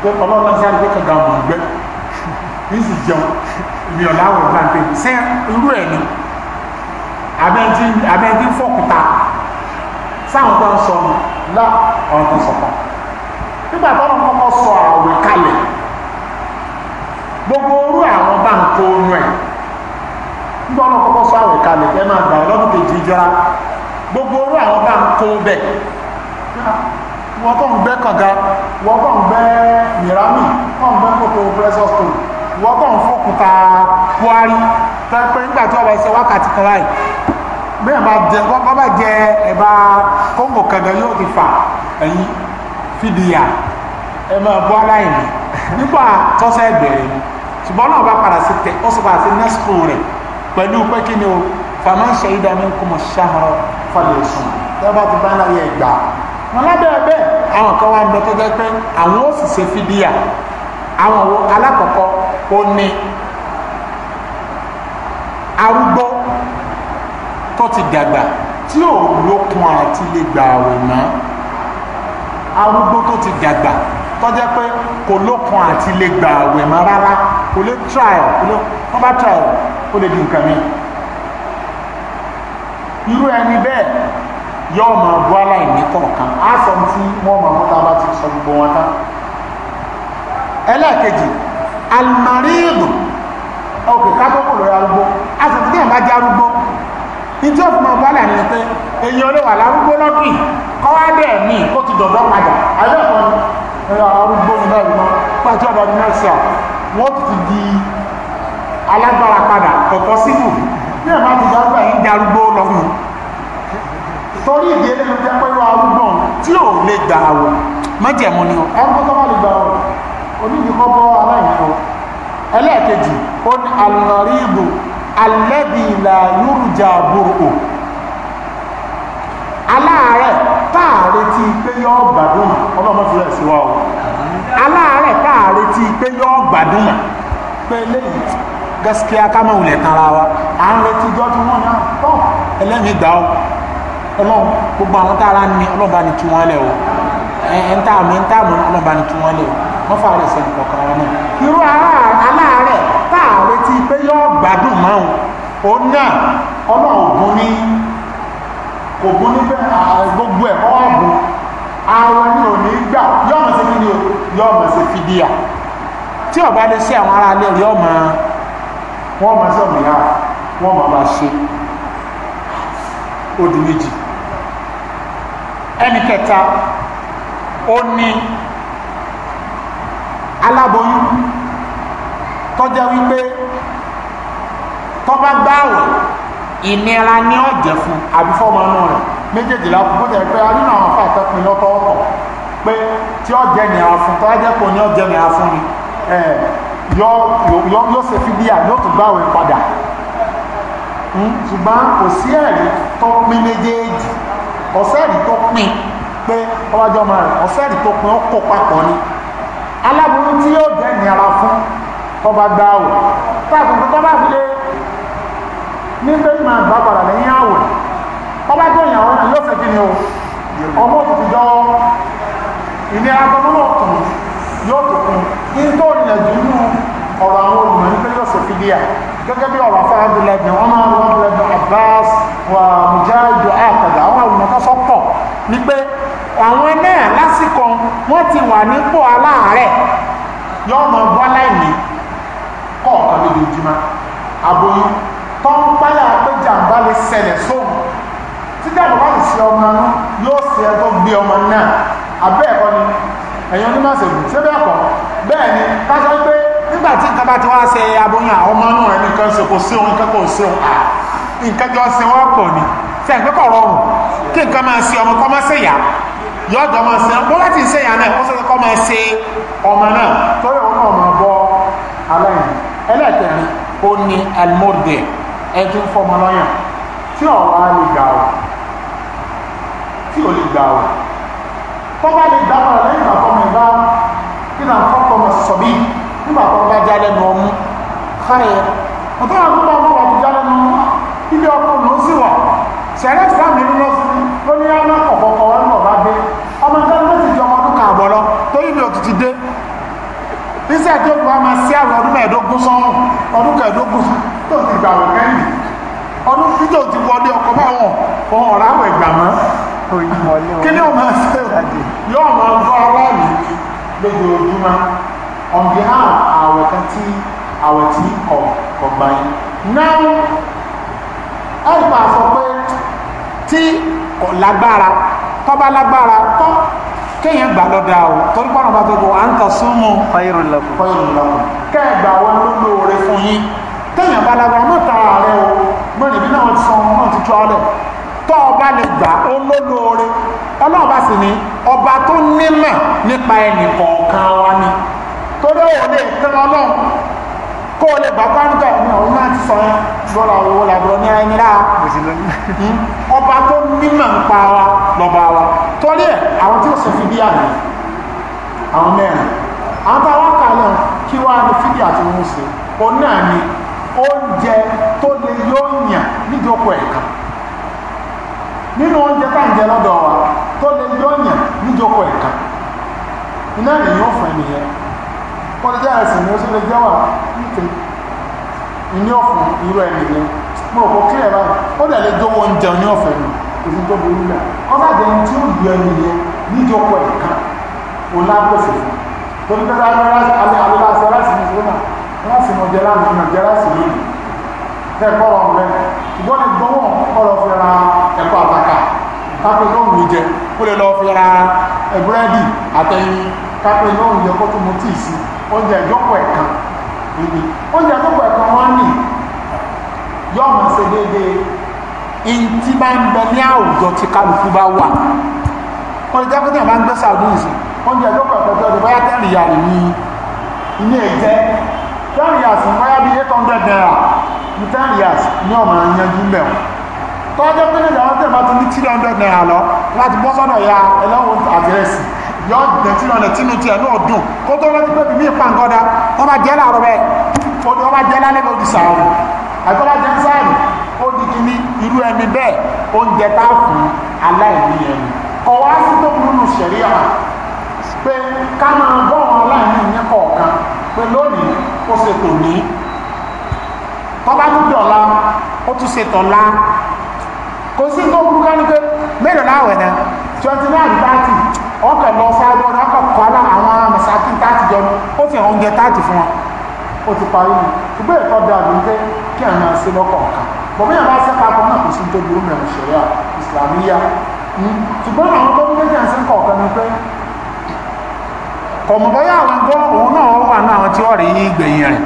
pé ọlọ́ọ̀lá sáré gbẹ́ kànga mọ̀ ń gbẹ́ ní sì jẹun ìmìọ̀lá àwọn ọ̀gbà ń pè ní sẹ́ irú ẹ̀ ni abẹ́ntí fọ́kùtà sáwọn tó ń sọ lọ ọ̀rọ̀ tó sọ nígbà sọ àwẹ̀ kalẹ̀ gbogbo orú àwọn bá ń kó ohun ẹ̀ nígbà kọ́kọ́ sọ àwẹ̀ kalẹ̀ ẹ máa gbà lọ́dún kejì gbogbo orú àwọn bá ń kó bẹ̀ wọ́n kàn ń gbẹ́ kànga kwari tẹ́pẹ́ nígbà tí ọba ṣe wákàtí kan láì bẹ́ẹ̀ bá jẹ bọ́bá jẹ ẹ̀bá kóńgò kẹ̀gẹ́ yóò ti fà ẹ̀yìn fìdíyà ẹ máa bọ́ aláìní nígbà tọ́sẹ̀ bẹ̀rẹ̀ ni ṣùgbọ́n náà bá padà sí tẹ̀ ó sì padà sí nẹ́sìkò rẹ̀ pẹ̀lú pé kí ni o fàmà ń ṣe ìdá mi kò mọ̀ ṣáhọ́ fàlẹ̀ sùn lọ́ba ti bá náà yẹ gbà wọn lábẹ́ ẹgbẹ́ àwọn kan wá ń bẹ tó jẹ́ pé àwọn ó sì ṣe fìdíyà àwọn alákọ̀ọ́kọ́ ó ní arúgbó tó ti dàgbà tí ò lókun àti lè gbà àwẹ̀ mọ́ arúgbó tó ti dàgbà tó jẹ́ pé kò lókun àti lè gbà àwẹ̀ mọ́ rárá kò lè trial wọ́n bá trial ó lè di nǹkan mi irú ẹni bẹ́ẹ̀ yóò máa bọ́ aláìní kọ̀ọ̀kan á sọ tí wọ́n máa mú tá a bá ti sọ gbogbo wọn tán ẹlẹ́ẹ̀kejì almaridu ọkọ̀ kátókò lórí arúgbó asòfin náà bá jẹ́ arúgbó ìjọ fún ọmọ bá lànà pé èyí olówà lárúgbó lọ́kì kọ́wá bẹ́ẹ̀ ni ó ti dọ̀dọ̀ padà àjọpọ̀ ẹ̀rọ arúgbó ni náà lọ pàtó ọ̀dọ̀ ní mẹ́sà wọ́n ti di alágbára padà ọ̀pọ̀ síbù bí ẹ̀ máa ti dárúgbà yìí darúgbó lọ fún un torí ìdí ẹni ló jẹ́ pé ó arúgbó tí ò lè gbà àwọ̀ mọ́jẹ̀mú ni ọ ẹ̀ ń kọ́ tó má lè gbà àwọ̀ onídìí kọ́ bọ́ aláìní ẹlẹ́ẹ̀kejì ó ní alọ́rìbù alẹ́bìlà yúrùjà burúkú aláàárẹ̀ táàrẹ̀ ti pé yọ́ gbàdúmà ọlọ́mọ fi rẹ̀ síwá o aláàárẹ̀ táàrẹ̀ ti pé yọ́ gbàdúmà pé lẹ́yìn gaskiya kámọ̀ wulẹ̀ tán ra wa à ń retí jọ́ tí wọ́n náà tọ́ ẹlẹ́mìí gbà ó ọlọ́run gbogbo àwọn tára ní ọlọ́ba ni tí wọ́n lẹ̀ o ẹ̀ ń tà ń tà ọlọ́ba ni tí wọ́n lẹ̀ o mọ́fà rẹ̀ sẹ́ni kọ̀ọ̀kan wọn náà irú aláàárẹ̀ tá a retí pé yóò gbádùn márùn òun náà ọmọ ògùn ní kò gún ní bẹ́ẹ̀ gbogbo ẹ̀ ọ́ ọ̀gùn àwọn ní òní gbà yóò mọ̀ sí kí ni yóò mọ̀ sí fìdíà tí ọba lè ṣe àwọn ará ilé yóò mọ̀ wọ́n mọ̀ sí ọ̀mìnira wọ́n mọ̀ bá ṣe ó di méjì ẹnì kẹta ó ní aláboyún tọ́já wípé tọ́ba gbáwò ìnira ní ọ̀jẹ̀ fún àbí fọ́mọ inú rẹ̀ méjèèjì la kó jẹ́ pé nínú àwọn afá àtẹ́kùn lọ́tọ̀ọ̀tọ̀ pé tí ọ̀jẹ̀ nira fún tọ́ba jẹ́ pé ní ọ̀jẹ̀ nira fún ni yóò ṣe fi bíyà yóò tún gbáwò padà hmm, ṣùgbọ́n kò sí ẹ̀rí tó pín méjèèjì ọ̀sẹ́ẹ̀rí tó pín pé ọwájọ́ ọmọ rẹ̀ ọ̀sẹ́ẹ̀rí tó pín ó kó papọ̀ ni aláburú tí yóò jẹ́ ìnira fún ọba gba àwẹ̀ táàkùn tó bá fi lé ní pé máa gbà padà lẹ́yìn àwẹ̀ ọba tó yàn wọn yóò fẹ́ kí ni o ọmọ tó ti dánwọ́ ìnira tó mọ́ tún yóò tó kún kí n tó rìnlẹ̀ jù nínú ọ̀rọ̀ àwọn olùmọ̀ ní pé yóò sọ fìdí à gẹ́gẹ́ bí ọ̀rọ̀ afẹ́ abdullah ibn umar abdullah ibn abbas wa mujahid akada àwọn olùmọ̀ kan sọ pọ̀ ní pé àwọn náà lásìkò wọ́n ti wà nípò aláàárẹ̀ yọ ọmọ bọ́ aláìní kọ̀ọ̀kan lójoojúmọ́ aboyún tó ń páyà pé jàǹbá lè ṣẹlẹ̀ sóhun títí àbúrò sì ṣe ọmọ inú yóò ṣe ẹgbọ́n gbé ọmọ náà abẹ́ ẹ̀kọ́ ni ẹ̀yin onímọ̀sẹ̀gùn ṣé bẹ́ẹ̀ kọ́ bẹ́ẹ̀ ni ká sọ pé nígbà tí nǹkan bá ti wá ṣe aboyún àwọn ọmọ inú rẹ̀ nìkan ṣe kò sí òun nǹkan kò sí òun nǹkan jọ ṣe wọ́n pọ̀ ni ṣe àgbẹ̀kọ̀ rọrùn kí nǹkan máa ṣe ọmọ kọ́ máa ṣèyà yọ ọdọ máa ṣe bó láti ṣe yàn náà ó sì kọ́ máa ṣe ọmọ náà torí òun náà máa bọ́ aláìní ẹlẹ́kẹ̀rin ó ní alimọ́dẹ ẹtí ń fọmọ lọ́yàn tí ọ̀wá lè gbà ọ̀ tí ò lè gbà ọ̀ tó bá lè gbà ọ̀ lẹ́yìn àkọ́mọ ìbá kí náà kọ́kọ́ mọ̀ sọ̀bí nígbà tó bá já lẹ́nu ọmú káyẹ̀ ọ̀tọ́ àwọn tó bá mú ọ̀tún já lẹ́nu ọmú ilé ọkọ̀ ló sì wà sẹ̀rẹ̀ fúlàmì ló ní ọ̀nà ọ̀kọ̀ọ̀kọ̀ wọn náà bá dé ọmọ nǹkan ló ti di ọmọ ọdún kan àbọ̀ lọ torí mi ò ti dé iṣẹ́ tó gba ma sí àwọn ọdún mẹ́ẹ̀ẹ́dógún sọ́run ọdún kẹẹ̀ẹ́dógún tó ti gbà wọ̀ kẹ́yìn ọdún tí tó ti wọlé ọkọ̀ báwọn ohun ọ̀rá àwẹ̀ gbà mọ́ kí ni ọmọ ṣe yóò máa gbọ́ ọwọ́ mi lójoojúmọ́ on behalf àwẹ̀ kan tí àwẹ̀ tí kọ̀ kọ̀ gbà yín náà ẹ̀ gbà sọ pé tí kò lágbára tọ́ba lágbára tọ́ kéèyàn gbà lọ́dà o torí pọ́nà bá gbogbo à ń tọ́ súnmù khairul lakum khairul lakum kẹ́ẹ̀gbà wọn ló lóore fún yín téèyàn bá lágbára mọ́ta ààrẹ o mọ́rin bí náà ti sọ ọmọ náà ti tú ọlẹ̀ tọ́ ọba lè gbà ó ló lóore ọlọ́run bá sì ní ọba tó nímọ̀ nípa ẹnì kọ̀ọ̀kan wa ni torí òun lè tẹ́ ọlọ́run kó o lè gbà pàǹtà ní ọ̀run náà ti sọ yẹn lọ́la owó làbúrò ní ẹni láà hmm? ọba tó mímọ̀ ń pa wa lọ́ba wa torí ẹ̀ àwọn tí ó sì fi bí àná àwọn mẹ́rin àwọn tá a wá kalẹ̀ kí wá ní fídíò àti ohun ṣe òun náà ni oúnjẹ tó lè yóò yàn níjókòó ẹ̀ka nínú oúnjẹ tá à ń jẹ lọ́dọ̀ wa tó lè yóò yàn níjókòó ẹ̀ka iná nìyí ó fẹ́ nìyẹn wọ́n lè jẹ́ ẹ̀sìn ni ó sì lè jẹ́ wà nìkan ní ọ̀fun irú ẹni ni mo rò kó kílẹ̀ báyìí ó dẹ̀ lè jọwọ́ oúnjẹ ní ọ̀fẹ́ ni èyí tó burú náà ọba jẹ́ ẹni tí ó gbé ẹni yẹn níjọpọ̀ ẹ̀kan òun lágbèsè fún torí pé alẹ́láṣẹ́ láti ní ìṣúná láti mọ̀ jẹ́ láti mọ̀ jẹ́ láti ní ìlú ẹ̀kọ́ ọ̀rọ̀ rẹ̀ ṣùgbọ́n ní gbọ́wọ́ ọ̀rọ̀ fi ra ẹ̀kọ́ ó lè lọ fi ra ẹ̀búrẹ́dì àtẹ̀yìn kápẹ́ ló ń yẹ kó tó mo tíì sí oúnjẹ ìjọpọ̀ ẹ̀kan níbi oúnjẹ ìjọpọ̀ ẹ̀kan wọ́n ní yóò máa ṣe déédéé in tí bá ń bẹ ní àwùjọ tí kálukú bá wà wọ́n ti jákèjì àbá ń gbé saudi ìsìn oúnjẹ ìjọpọ̀ ẹ̀kan tó ti bóyá tẹ́lì yà rè ní ilé ìjẹ́ tẹ́lì yà sí bóyá bí eight hundred naira ní tẹ́lì yà sí ní ọ̀mà yanjú mbẹ̀ wọn tọ́jọ́ pé nígbà wọn tẹ̀ bá ti ní three naira lọ láti bọ́ sọ́dọ̀ ya ẹlẹ́wọ̀n àdírẹ́sì yọ dẹ̀tí lọ́nà tínú tiẹ̀ náà dùn kó tó rántí pé bíbí ìpàǹgọ́dá wọ́n máa jẹ́ láàárọ̀ bẹ́ẹ̀ wọ́n máa jẹ́ lálẹ́ lórí sàárù àti wọ́n máa jẹ́ sáàrù ó di kí ní irú ẹni bẹ́ẹ̀ oúnjẹ tá fún aláìní ẹni kọ̀ wá sí tó burú nù sẹ̀rí ọ̀hà pé ká máa bọ́ wọn aláìní ìyẹn kọ̀ọ̀kan pé lónìí ó ṣe tò ní tọ́ba tún dọ̀la ó tún ṣe tọ̀la kò sí tó burú ká ní pé mélòó láwẹ̀ náà twenty nine thirty ọkàn lọ sáájú ọdún ọkàn kọ́ àwọn àmọ̀sákì táàtì jọ ní ó fi hàn oúnjẹ táàtì fún wọn ó ti parí ni ṣùgbọ́n ẹ̀kọ́ da àbí pé kí àwọn máa ṣe lọ́kọ̀ọ̀kan bọ̀bí yàrá sẹ́ka kan náà kò sí tó burú mẹ́rin ṣẹ̀yà ìsìlámíyà hmm? ṣùgbọ́n àwọn tó ń gbé jẹ́ sí kọ̀ọ̀kan ni pé kọ̀mọ̀bọ́yà àwọn gbọ́ òun náà wà ní àwọn tí ó rí ìgbẹ̀yìn rẹ̀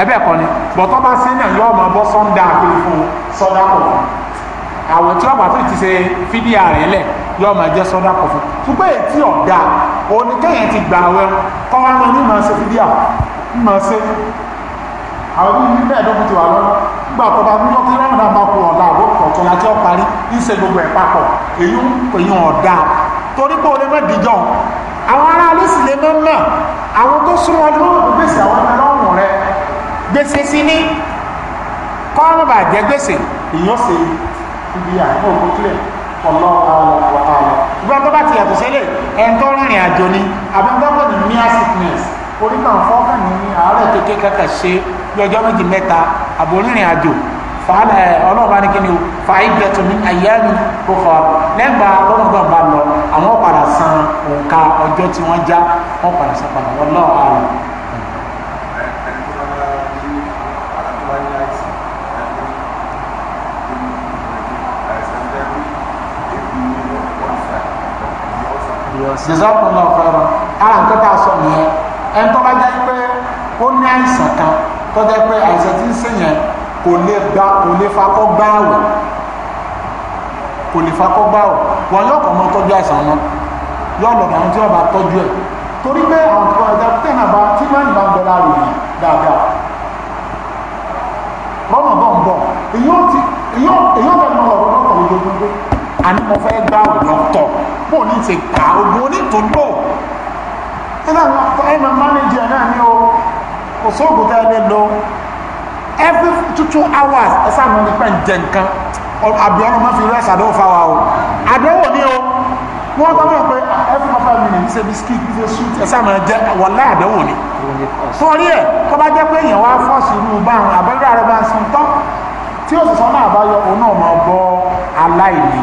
abẹ́ẹ̀kọ́ ni bọ̀tọ́ bá sí náà yọ ọmọ bọ́ sọ́ńdà àpèlè fún sọ́dà kọ̀ọ̀kan àwọn tí ó bá tó ti ṣe fídíà rẹ̀ lẹ̀ yóò máa jẹ́ sọ́dá kọ̀fù ṣùgbọ́n èyí tí ọ̀dà oníkẹ́yìn ti gbà wẹ kọ́wá náà ní màá ṣe fi díà màá ṣe àwọn bí ní mẹ́ẹ̀ẹ́dógún ti wà lọ́wọ́ nígbà tó bá gbúdọ̀ kí lọ́nà máa kú ọ̀la àbó ọ̀tọ̀ láti ọ̀ parí ń ṣe gbogbo ẹ̀ papọ̀ èyí èyí ọ̀dà torí pé o lè má dìjọ́ àwọn ará alẹ́ sì lè má mọ̀ àwọn tó súnmọ́ ọdún mọ́ gbèsè àwọn ọmọ ọlọ́run rẹ gbèsè sí ní kọ́ ọ́n bà jẹ́ gbèsè èyí ó ṣe ibi àwọn òkú clear ṣùgbọ́n tó bá ti yàtọ̀ sẹ́lẹ̀ ẹni tó rìnrìn àjò ni àbẹ́gbọ́gbọ́ ni mere sickness orí kan fọ́ọ̀kan ní àárẹ̀ kékeré kankan ṣe bí ọjọ́ méjì mẹ́ta àbò rìnrìn àjò fàálà ọlọ́ọ̀bá ní kíni o fàáyí gẹ̀tù ní àyẹ́nu kókọ lẹ́gbà lọ́nàgbọ̀n bá lọ àwọn padà san òǹkà ọjọ́ tí wọ́n já wọ́n padà san padà wọ́n lọ́ọ̀ àrùn jazakumullahu khairan ara nǹkan tá a sọ nìyẹn ẹni tó bá jẹ́ pé ó ní àìsàn kan tó jẹ́ pé àìsàn ti ń sèyàn kò lè gba kò lè fakọ́ gbáàwẹ̀ kò lè fakọ́ gbáàwẹ̀ wọn yóò kàn mọ́ tọ́jú àìsàn náà yóò lọ́dọ̀ àwọn tí wọ́n bá tọ́jú ẹ̀ torí pé àwọn tó ọjà tẹ̀nà bá tí wọ́n bá ń bẹ yìí dáadáa rọ́nà ń bọ̀ èyí ó ti èyí ó fẹ́ mọ́ ọ̀rọ̀ lọ́kọ̀ọ́ lójoojúmọ́ àní mo fẹ́ gbà lọ́tọ̀ bó ní ti kà ogun onítòló ẹnà ẹnà mánéjì náà ní o kò sóògùn tẹ́ ẹni lọ every two two hours ẹ sáà mọ̀ nípa ìjẹ nǹkan àbí ọ̀nà máa fi rẹ́ ṣàdánwò fáwa o àdánwò ni o wọ́n tọ́ mọ̀ pé every five minutes ṣe biscuit ṣe sweet ẹ sáà mọ̀ jẹ́ wọ̀lá àdánwò ni torí ẹ̀ tó bá jẹ́ pé èèyàn wá fọ́ọ̀sì inú báwọn àbẹ́rẹ́ àrẹ bá ń sun tán tí ó sì sọ náà bá yọ òun náà mọ̀ bọ́ aláìní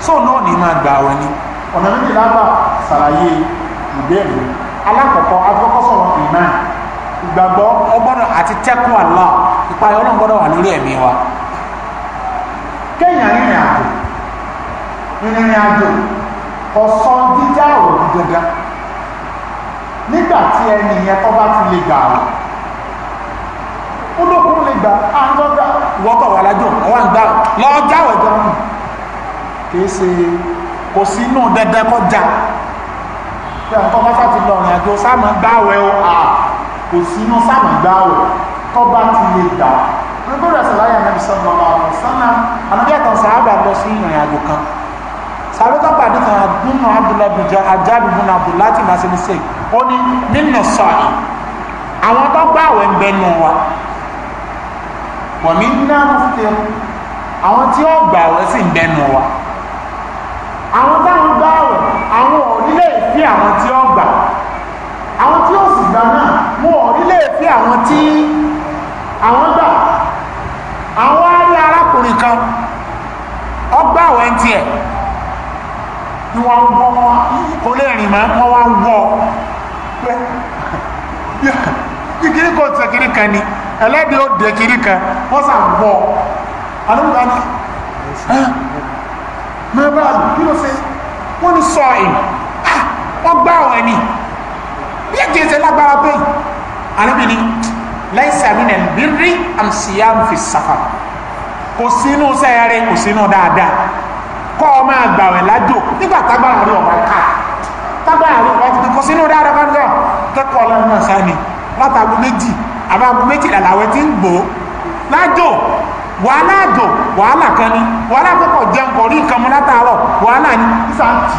so náà ní máa gbà wẹ̀ ni. ọ̀nà méjì lábà ṣàlàyé ìbéèrè alákọ̀ọ́kọ́ akọ́kọ́ sọ̀rọ̀ ìmọ̀ ìgbàgbọ́ ọgbọ́dọ̀ àti tẹ́kùn àlá ìpayà ọlọ́run gbọ́dọ̀ wà lórí ẹ̀mí wa. kéèyàn rìnrìn àjò ìrìnrìn àjò ọ̀sán jíjá òòrùn dandan nígbà tí ẹni yẹn tó bá ti lè gbà wọ̀ ó lókun lè gbà á ń wà lájò ọ̀wá ń gbà lọ́ọ́ jáwọ̀ jẹun kìí ṣe kò sí inú dandan kọjá pé àkọ́ bá ti lọ ọ̀rìn àjò sáàmà gbáwẹ̀ o à kò sí inú sáàmà gbáwẹ̀ tó bá ti lè gbà nígbà rẹ̀ sọ̀rọ̀ ayé àmì sọ̀rọ̀ ọ̀rọ̀ sọ́nà ànábí àtàn sàábà lọ sí ìrìn àjò kan sàábà tó pàdé kan nínú abdulabuja ajáde nínú abdulati nasinise ó ní nínú sọ̀rọ̀ àwọn tó gbáwẹ̀ ń bẹ nù wa wọ̀mí náà fi àwọn tí ó gbàwẹ̀ sì ń bẹ nù wa. àwọn táwọn gbá ọ̀rọ̀ àwọn ọ̀rílẹ̀ èfí àwọn tí ó gbà àwọn tí ó sì gbà náà mú ọ̀rílẹ̀ èfí àwọn tí àwọn gbà àwọn arí arákùnrin kan ọgbà àwọn ẹ̀ ni wọ́n wọ́ wọn kò lè rìn mọ́ wọ́n wá wọ́ pé [laughs] kíkiri kò ni ẹlẹ́bi ó kiri kan wọ́n sà mẹ́bàlù kí ló ṣe wọ́n ní sọ ẹ̀ wọ́n gbá ọ̀rẹ́ ni bí ẹ̀jẹ̀ ṣe lágbára pé àníbìnrin láìsà mí nàìjíríà bírí àmsíyàmù fi sàfà kò sínú sẹ́yẹrẹ kò sínú dáadáa kọ́ ọ máa gbà ọ̀rẹ́ lájò nígbà tágbára rí ọ̀rẹ́ ká tágbára rí ọ̀rẹ́ tuntun kò sínú dáadáa bá ń gbà kẹ́kọ̀ọ́ lọ́nà sáà ni látàgbọ́ méjì àbágbọ́ méjì làlàwẹ́ ti ń gbòó lájò wàhálà àgàn wàhálà kan ni wàhálà kọ́kọ́ jẹun kọ̀ rí nǹkan mu látàárọ̀ wàhálà ni sísá ń tì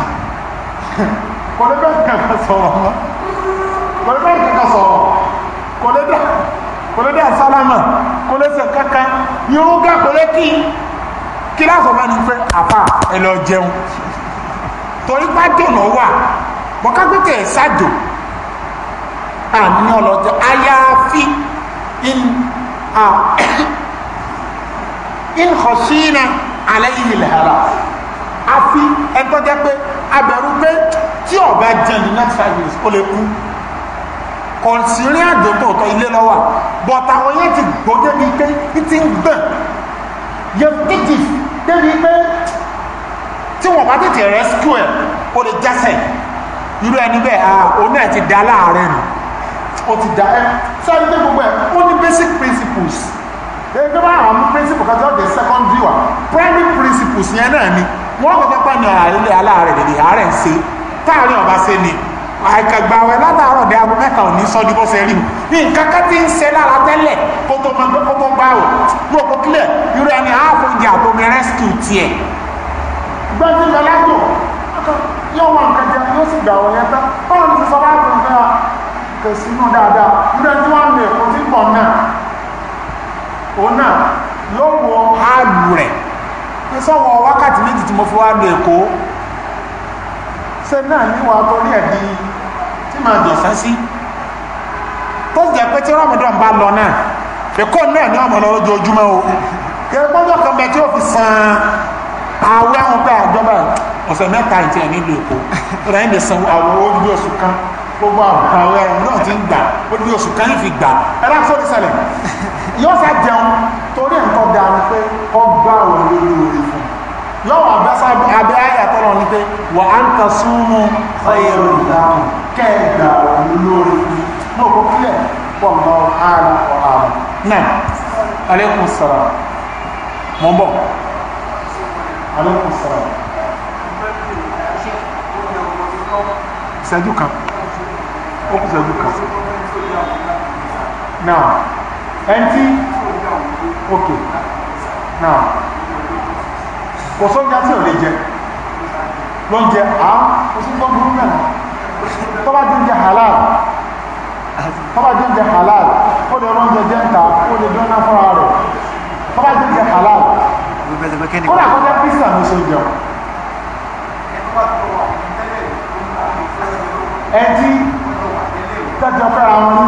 kọ̀lẹ́bẹ̀ kankan sọ̀rọ̀ mọ́ kọ̀lẹ́bẹ̀ kankan sọ̀rọ̀ kọ̀lẹ́dẹ̀ kọ̀lẹ́dẹ̀ sálámà kọ̀lẹ́sẹ̀ kankan yóò gá kọ̀lẹ́ kí kí lásán bá ní fẹ́ àfà ẹ lọ jẹun torí bá dùnà wà bọ́kágbẹ́tẹ̀ ẹ̀ sájò àmì ọlọ́jọ́ àyàfi in nkọ̀sínà alẹ́ yìí lẹ́hàrá àfi ẹgbẹ́ jẹ́ pé abẹ̀rù pé tí ọ̀bá jẹ́ ní next five years ó lè kú kò sí rí àjò tó tọ́ ilé lọ́wọ́ bọ̀tà àwọn yẹn ti gbọ́dẹ́ bíi pé ní ti ń gbọ̀n yẹn títì débi pé tí wọ́n bá tètè rescue ẹ̀ ó lè jásẹ̀ irú ẹni bẹ́ẹ̀ a òun náà ti da láàárín ó ti da ẹ sọ́ọ́ ní gbogbo ẹ̀ ó ní basic principles ẹgbẹ́ bá àwọn principle kan tí wọ́n dé secondary wa primary principles yẹn náà ni wọ́n kọ́kọ́ pa ní àárẹ̀ aláàrẹ̀ dèdè àárẹ̀ ń ṣe táàrin ọ̀bá ṣe ni àìkàgbàwẹ̀ látàárọ̀ dé aago mẹ́ta ò ní sọ ní bọ́sẹ̀ rí ní nǹkan kan tí ń ṣe lára tẹ́lẹ̀ kó tó gbá o ló kó clear irú ẹni àáfò oúnjẹ àtomi rescue tiẹ̀ gbẹ́jú lọ́lájò yóò wọ nǹkan jẹ yóò sì gbà wọ̀ yẹn tán báwo ni sọ bá kún fún wa ah, kò dáadáa irú ẹni tí wọ́n ń lè kó sí pọ̀ náà òun náà ló wọ áàlù rẹ̀ ní sọ́wọ́ wákàtí méjì tí mo fi wá lọ èkó ṣe náà níwà torí ẹ̀ di tí màá dọ̀sán sí tó jẹ́ pé tí ramadan bá lọ náà èkó náà ní ọmọ lọ lójoojúmọ́ o kẹ gbọ́dọ̀ kan bẹ tí ó fi san àwẹ̀ àwọn pé àjọba ọ̀sẹ̀ mẹ́ta ìtì ẹ̀ nílùú èkó rẹ̀ ń lè san àwọn olùgbé oṣù kan gbogbo àwẹ̀ ẹ̀rùn náà ti ń gbà ó di oṣù kan fi gbà ẹ̀rọ àfọ́dí sẹlẹ̀ yóò fẹ́ jẹun torí nǹkan da ni pé kọ́ gbà wọ̀ lórí orí fún yóò wà bẹ́ sábẹ́ abẹ́ àyà tọ́lọ ni pé wà á ń ta súnmù ẹ̀rọ ìdáhùn kẹ́ẹ̀gbà wọ̀ lórí fún náà kó kílẹ̀ pọ̀ mọ́ ara ọ̀rọ̀ àrùn náà alaikum mọ̀ bọ̀ alaikum salam ìṣẹ́jú kan ó kù sẹ́jú kan now ẹni tí ok now kò sóúnjẹ tí ò lè jẹ lóúnjẹ à kò sí tó burú náà tó bá jẹ́ halal tó bá jẹ́ halal ó lè lóúnjẹ jẹ́ ń ta ó lè dọ́nà fúnra rẹ̀ tó bá jẹ́ halal ó rà kọjá písà ní sóúnjẹ ẹni tí jọ fẹ́ra wọn ní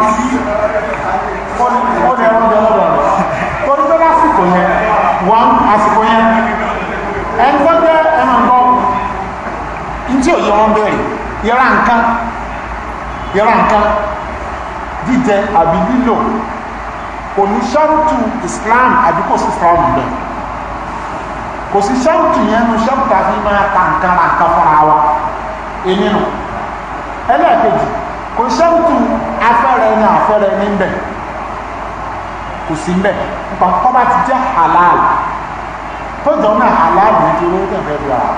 ó ní ẹran jọ lọ́dọ̀ rẹ̀ torí tó lásìkò yẹn wọn àsìkò yẹn ẹni tó jẹ́ ẹran gbọ́ ntí òye wọn bẹ̀rẹ̀ yẹra nǹkan yẹra nǹkan jíjẹ àbí lílò kò ní ṣáàtù Islam àbí kò sí Islam bẹ́ẹ̀ kò sí ṣáàtù yẹn nu ṣáàtù àfi máa ta nǹkan ra nǹkan fúnra wa èmi nù ẹlẹ́ẹ̀kejì kò sẹ́wùtù afẹ́rẹ́ ẹni àfẹ́rẹ́ ẹni ń bẹ kò sí ń bẹ nípa tó ti jẹ́ halal tó jọ náà halal ní ti olówó tẹ̀fẹ́ bí ara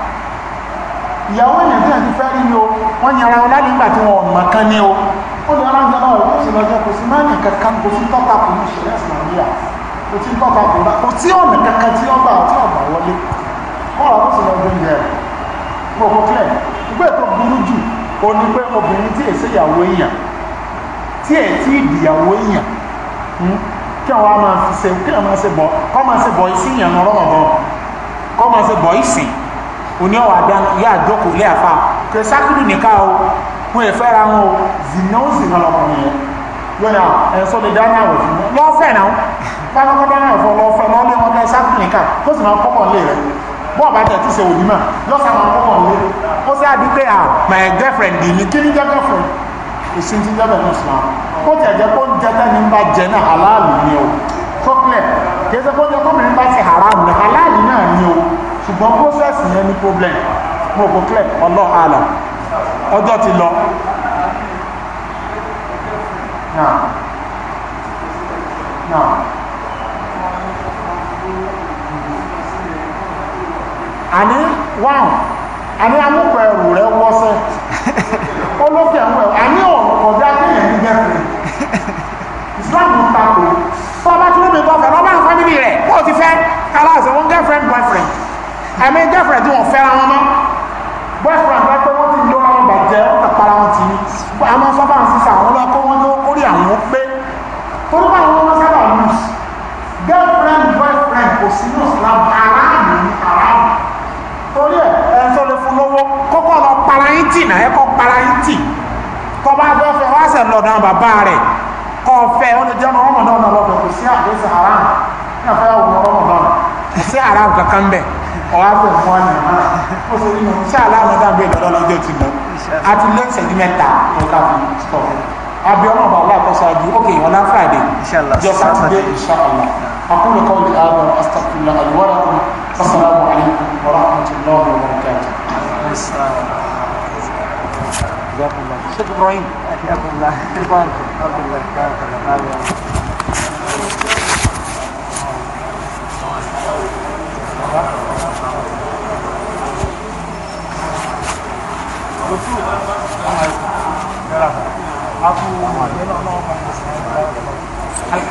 ìyàwó èèyàn tí àti fẹ́ rí ni o wọ́n yẹra ọlá nígbà tí wọ́n mọ̀ kan ní o ó lè rán jẹ́ náà ó sì lọ́jọ́ kò sí mẹ́rin kankan kò sí tọ́ta kò ní ṣẹlẹ̀ Nàìjíríà kò sí tọ́ta kò bá kò sí ọ̀nà kankan tí ó gbà tí ọ̀gbà wọlé kọ́ra ó sì lọ́jọ́ yẹ rẹ̀ mo kò kílẹ̀ ìgbé ètò burú jù ó ní pé obìnrin tí èsè ìyàwó èèyàn tí ẹ̀ tí ìdìyàwó èèyàn hmm, kí àwọn a máa fi ṣe kí àwọn máa ṣe bọ̀ kọ́ máa ṣe bọ̀ ìsìn ìyànà ọlọ́wọ́ bọ̀ kọ́ máa ṣe bọ̀ ìsìn òní ọ̀wà àgbà yà àjókòó lé àfa kò sákìlù nìka o wọn ẹ̀ fẹ́ ra wọn o zìnà ó zìnà lọkùnrin yẹn lónìí à ẹ̀ sọ lè dáná àwọ̀ fún mi lọ́fẹ̀ẹ́ náà pátákó dáná àwọ̀ fún lọ́fẹ̀ẹ́ náà lé wọn kẹ́ sákìlù nìka kó sì máa kọ́kọ́ lé rẹ̀ bọ́ọ̀ bá tẹ̀ tí ṣe òdì mọ́ lọ́sàn ó sì àbí pé à ah, my girlfriend dì mí kí jẹ́ girlfriend kò sí ti jẹ́ bẹ̀rẹ̀ islam kó tẹ̀ jẹ́ kó ń jẹ́ tẹ́ni bá jẹ náà aláàlú ni o chocolate kì í ṣe kó jẹ́ kó mìíràn bá ti haram ní aláàlú náà ni o ṣùgbọ́n process yẹn ní problem mo kò clear ọlọ́ àlọ́ ọjọ́ ti lọ. náà náà. àní wáhùn àní amúkọ ẹrù rẹ wọ́sẹ̀ olókè àwọn ẹrù àní ọ̀rọ̀ kọjá kéèyàn ní gẹ́fẹ̀ Islam ń takò tó ọba tí lóbi gọ́fẹ̀ ọba àwọn fámìlì rẹ̀ kó o ti fẹ́ aláàzẹ wọn girlfriend boyfriend àmì girlfriend tí wọ́n fẹ́ra wọn mọ́ boyfriend bá pé wọ́n ti lọ àwọn bàjẹ́ ọ̀tàpára wọn ti ní àmọ́ sábà ń sísà àwọn ọlọ́kọ́ wọn ló kórè àwọn pé torí báwọn wọn sábà lùs girlfriend boyfriend kò sí ní Islam á zina ẹ kọ́ para yín tì kọ́ bá bọ́ fẹ́ wá sẹ̀ lọ́dọ̀ bàbá rẹ̀ kọ́ fẹ́ ó lè jẹ́nu ọmọ náà lọ́dọ̀ kò sí àdéhùn haram ní àfẹ́ ọmọ ọmọ náà kò sí haram kankan bẹ̀ ọ̀wá fẹ́ mọ́ ọ́nà ó sì nínú sí aláàmọ́ dàbí ìlọ́dọ̀ lọ́jọ́ ti lọ àti lé ìṣẹ́jú mẹ́ta ọ̀ká fi sọ abẹ́ ọmọ bàbá àkọsọ ọdún ókè ọ̀la friday jọ sátidé inṣàlá أقول قولي هذا وأستغفر الله لي ولكم والسلام عليكم ورحمة الله وبركاته. جزاكم الله الشيخ ابراهيم حياكم الله شكرا الحمد لله Thank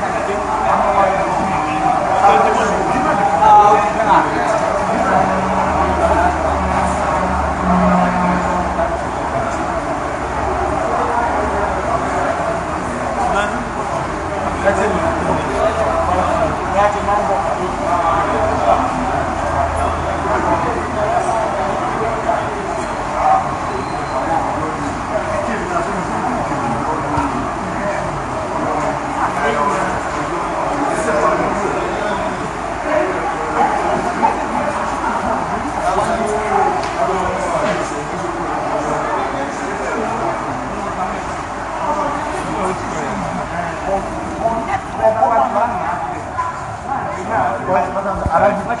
you. Aracı kaç?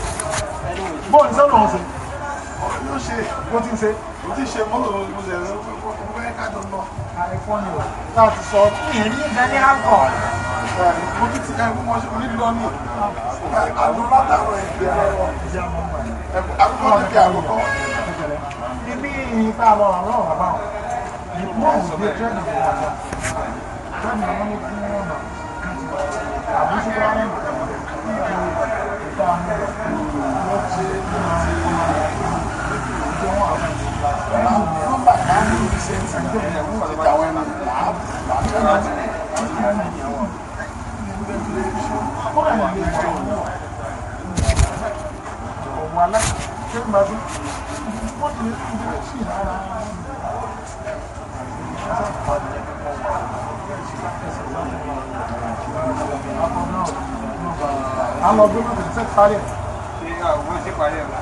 bọ́ọ̀ ní sọ́nà ọ̀sẹ̀ ló ṣe bó ti ṣe bó ti ṣe mọ́tò mo ṣe ẹ̀rọ mo fẹ́ ká jọ lọ. àìfọ́ ni o láti sọ ìyẹn ní ìgbà ní àgọ́. mo ti ti ẹ̀kú mọ́ ṣe mo nílò ní àdúrà dàrọ̀ ẹ̀kú àkókò ẹ̀kú àkókò. o ní pọ́ùn ní tẹ́lẹ̀ Allô, Bruno, você sabe? parí ọ̀la.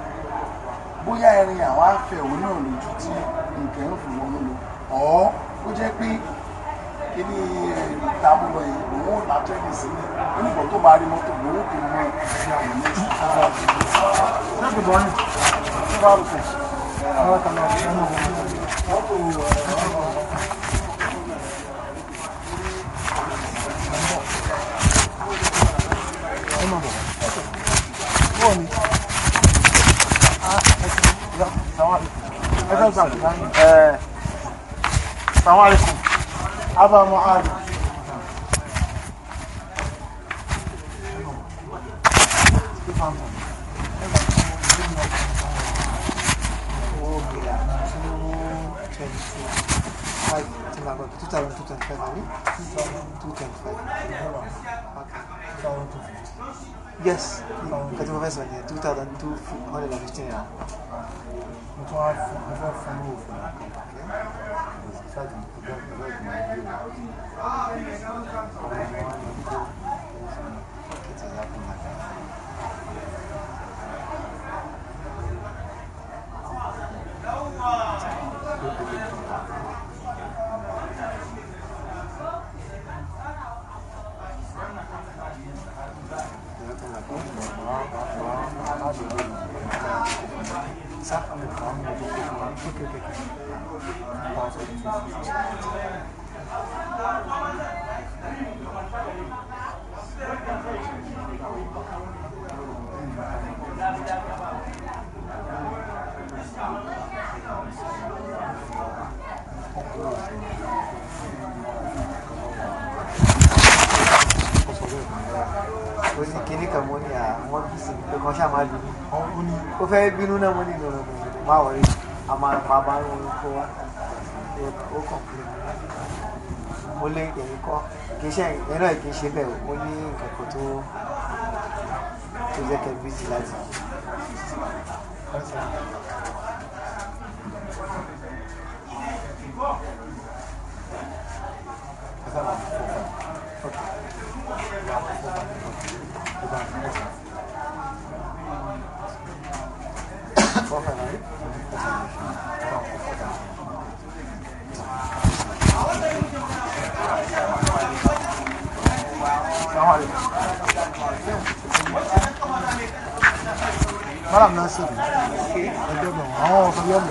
bóyá ẹrin àwọn afẹ́ òun náà lójú tí nǹkan ń fi wọnú lọ ọ́ ó jẹ́ pé kí ni ìtààmú eh, lọ yìí òun ò látọ́ ẹ̀mí sí ni ó nìkan tó bá rí mọ́tò òun ò fi mọ ìṣe àwọn ní ìṣàlọ́ ṣẹ́gun bọ́ọ̀lù Assalamu alaikum. Aba Mu'ad. Yes, because it was 2015. required award from all from that company. It was decided to go to the náà kì í ṣe bẹ́ẹ̀ mo ní nǹkan kan tó tó jẹ́ kẹ́ bíjì láti 不冷不热，哎，对不？哦，不热不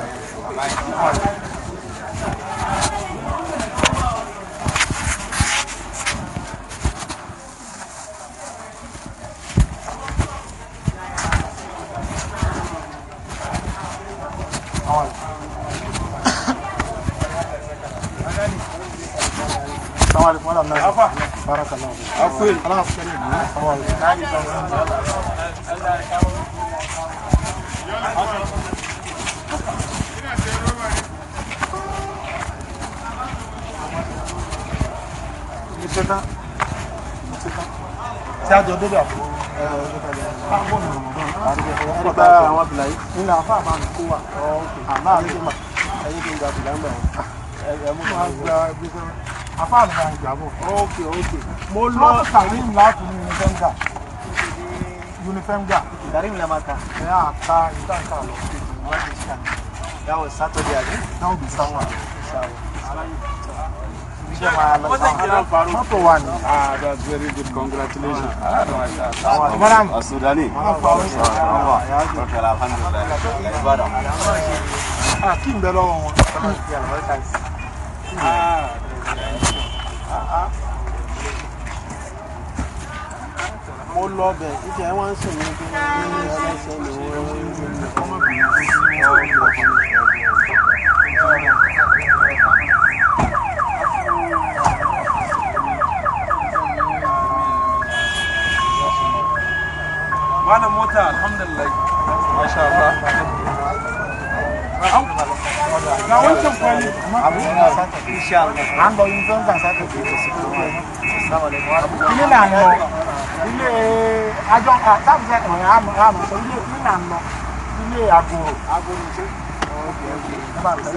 Akwai alaafin ne. Awa ta yi ta wani. Allah ya kawo mo lọ karim láti ní unifemga unifemga karim lamaka ẹ á ka ìtànkà lọ wájú sí àná that was saturday abi that would be sawa mọ́tò wa ni. ah that's very good congratulations. madam ah, asudani. Ah, ah, kí n bẹ lọ́wọ́ wọn. mo lọ ọbẹ̀ ibi ẹ̀ wọ́n ń sìn ní bí ẹlẹ́sẹ̀ lè wọ́n ń sìn ní Mana mota alhamdulillah masha Allah ga wancan kwali abu na sata insha Allah an ba yin zan zan sata ke su kuma assalamu alaikum wa rahmatullahi ilé ajọ àtàkùn ẹ̀kọ́ ẹ̀ àmọ̀ àmọ̀ sọ ilé nínà ilé àgòrò àgòrò ṣe. Thank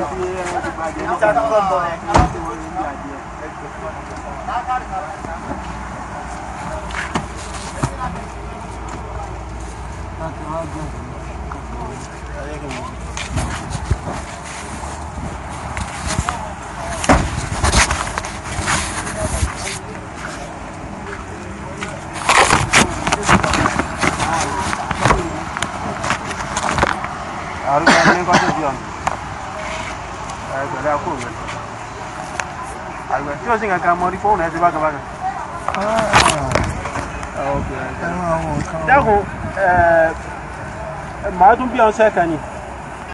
you. singa kamori fo na zibaga baga ah okay dago eh ma dun bi on se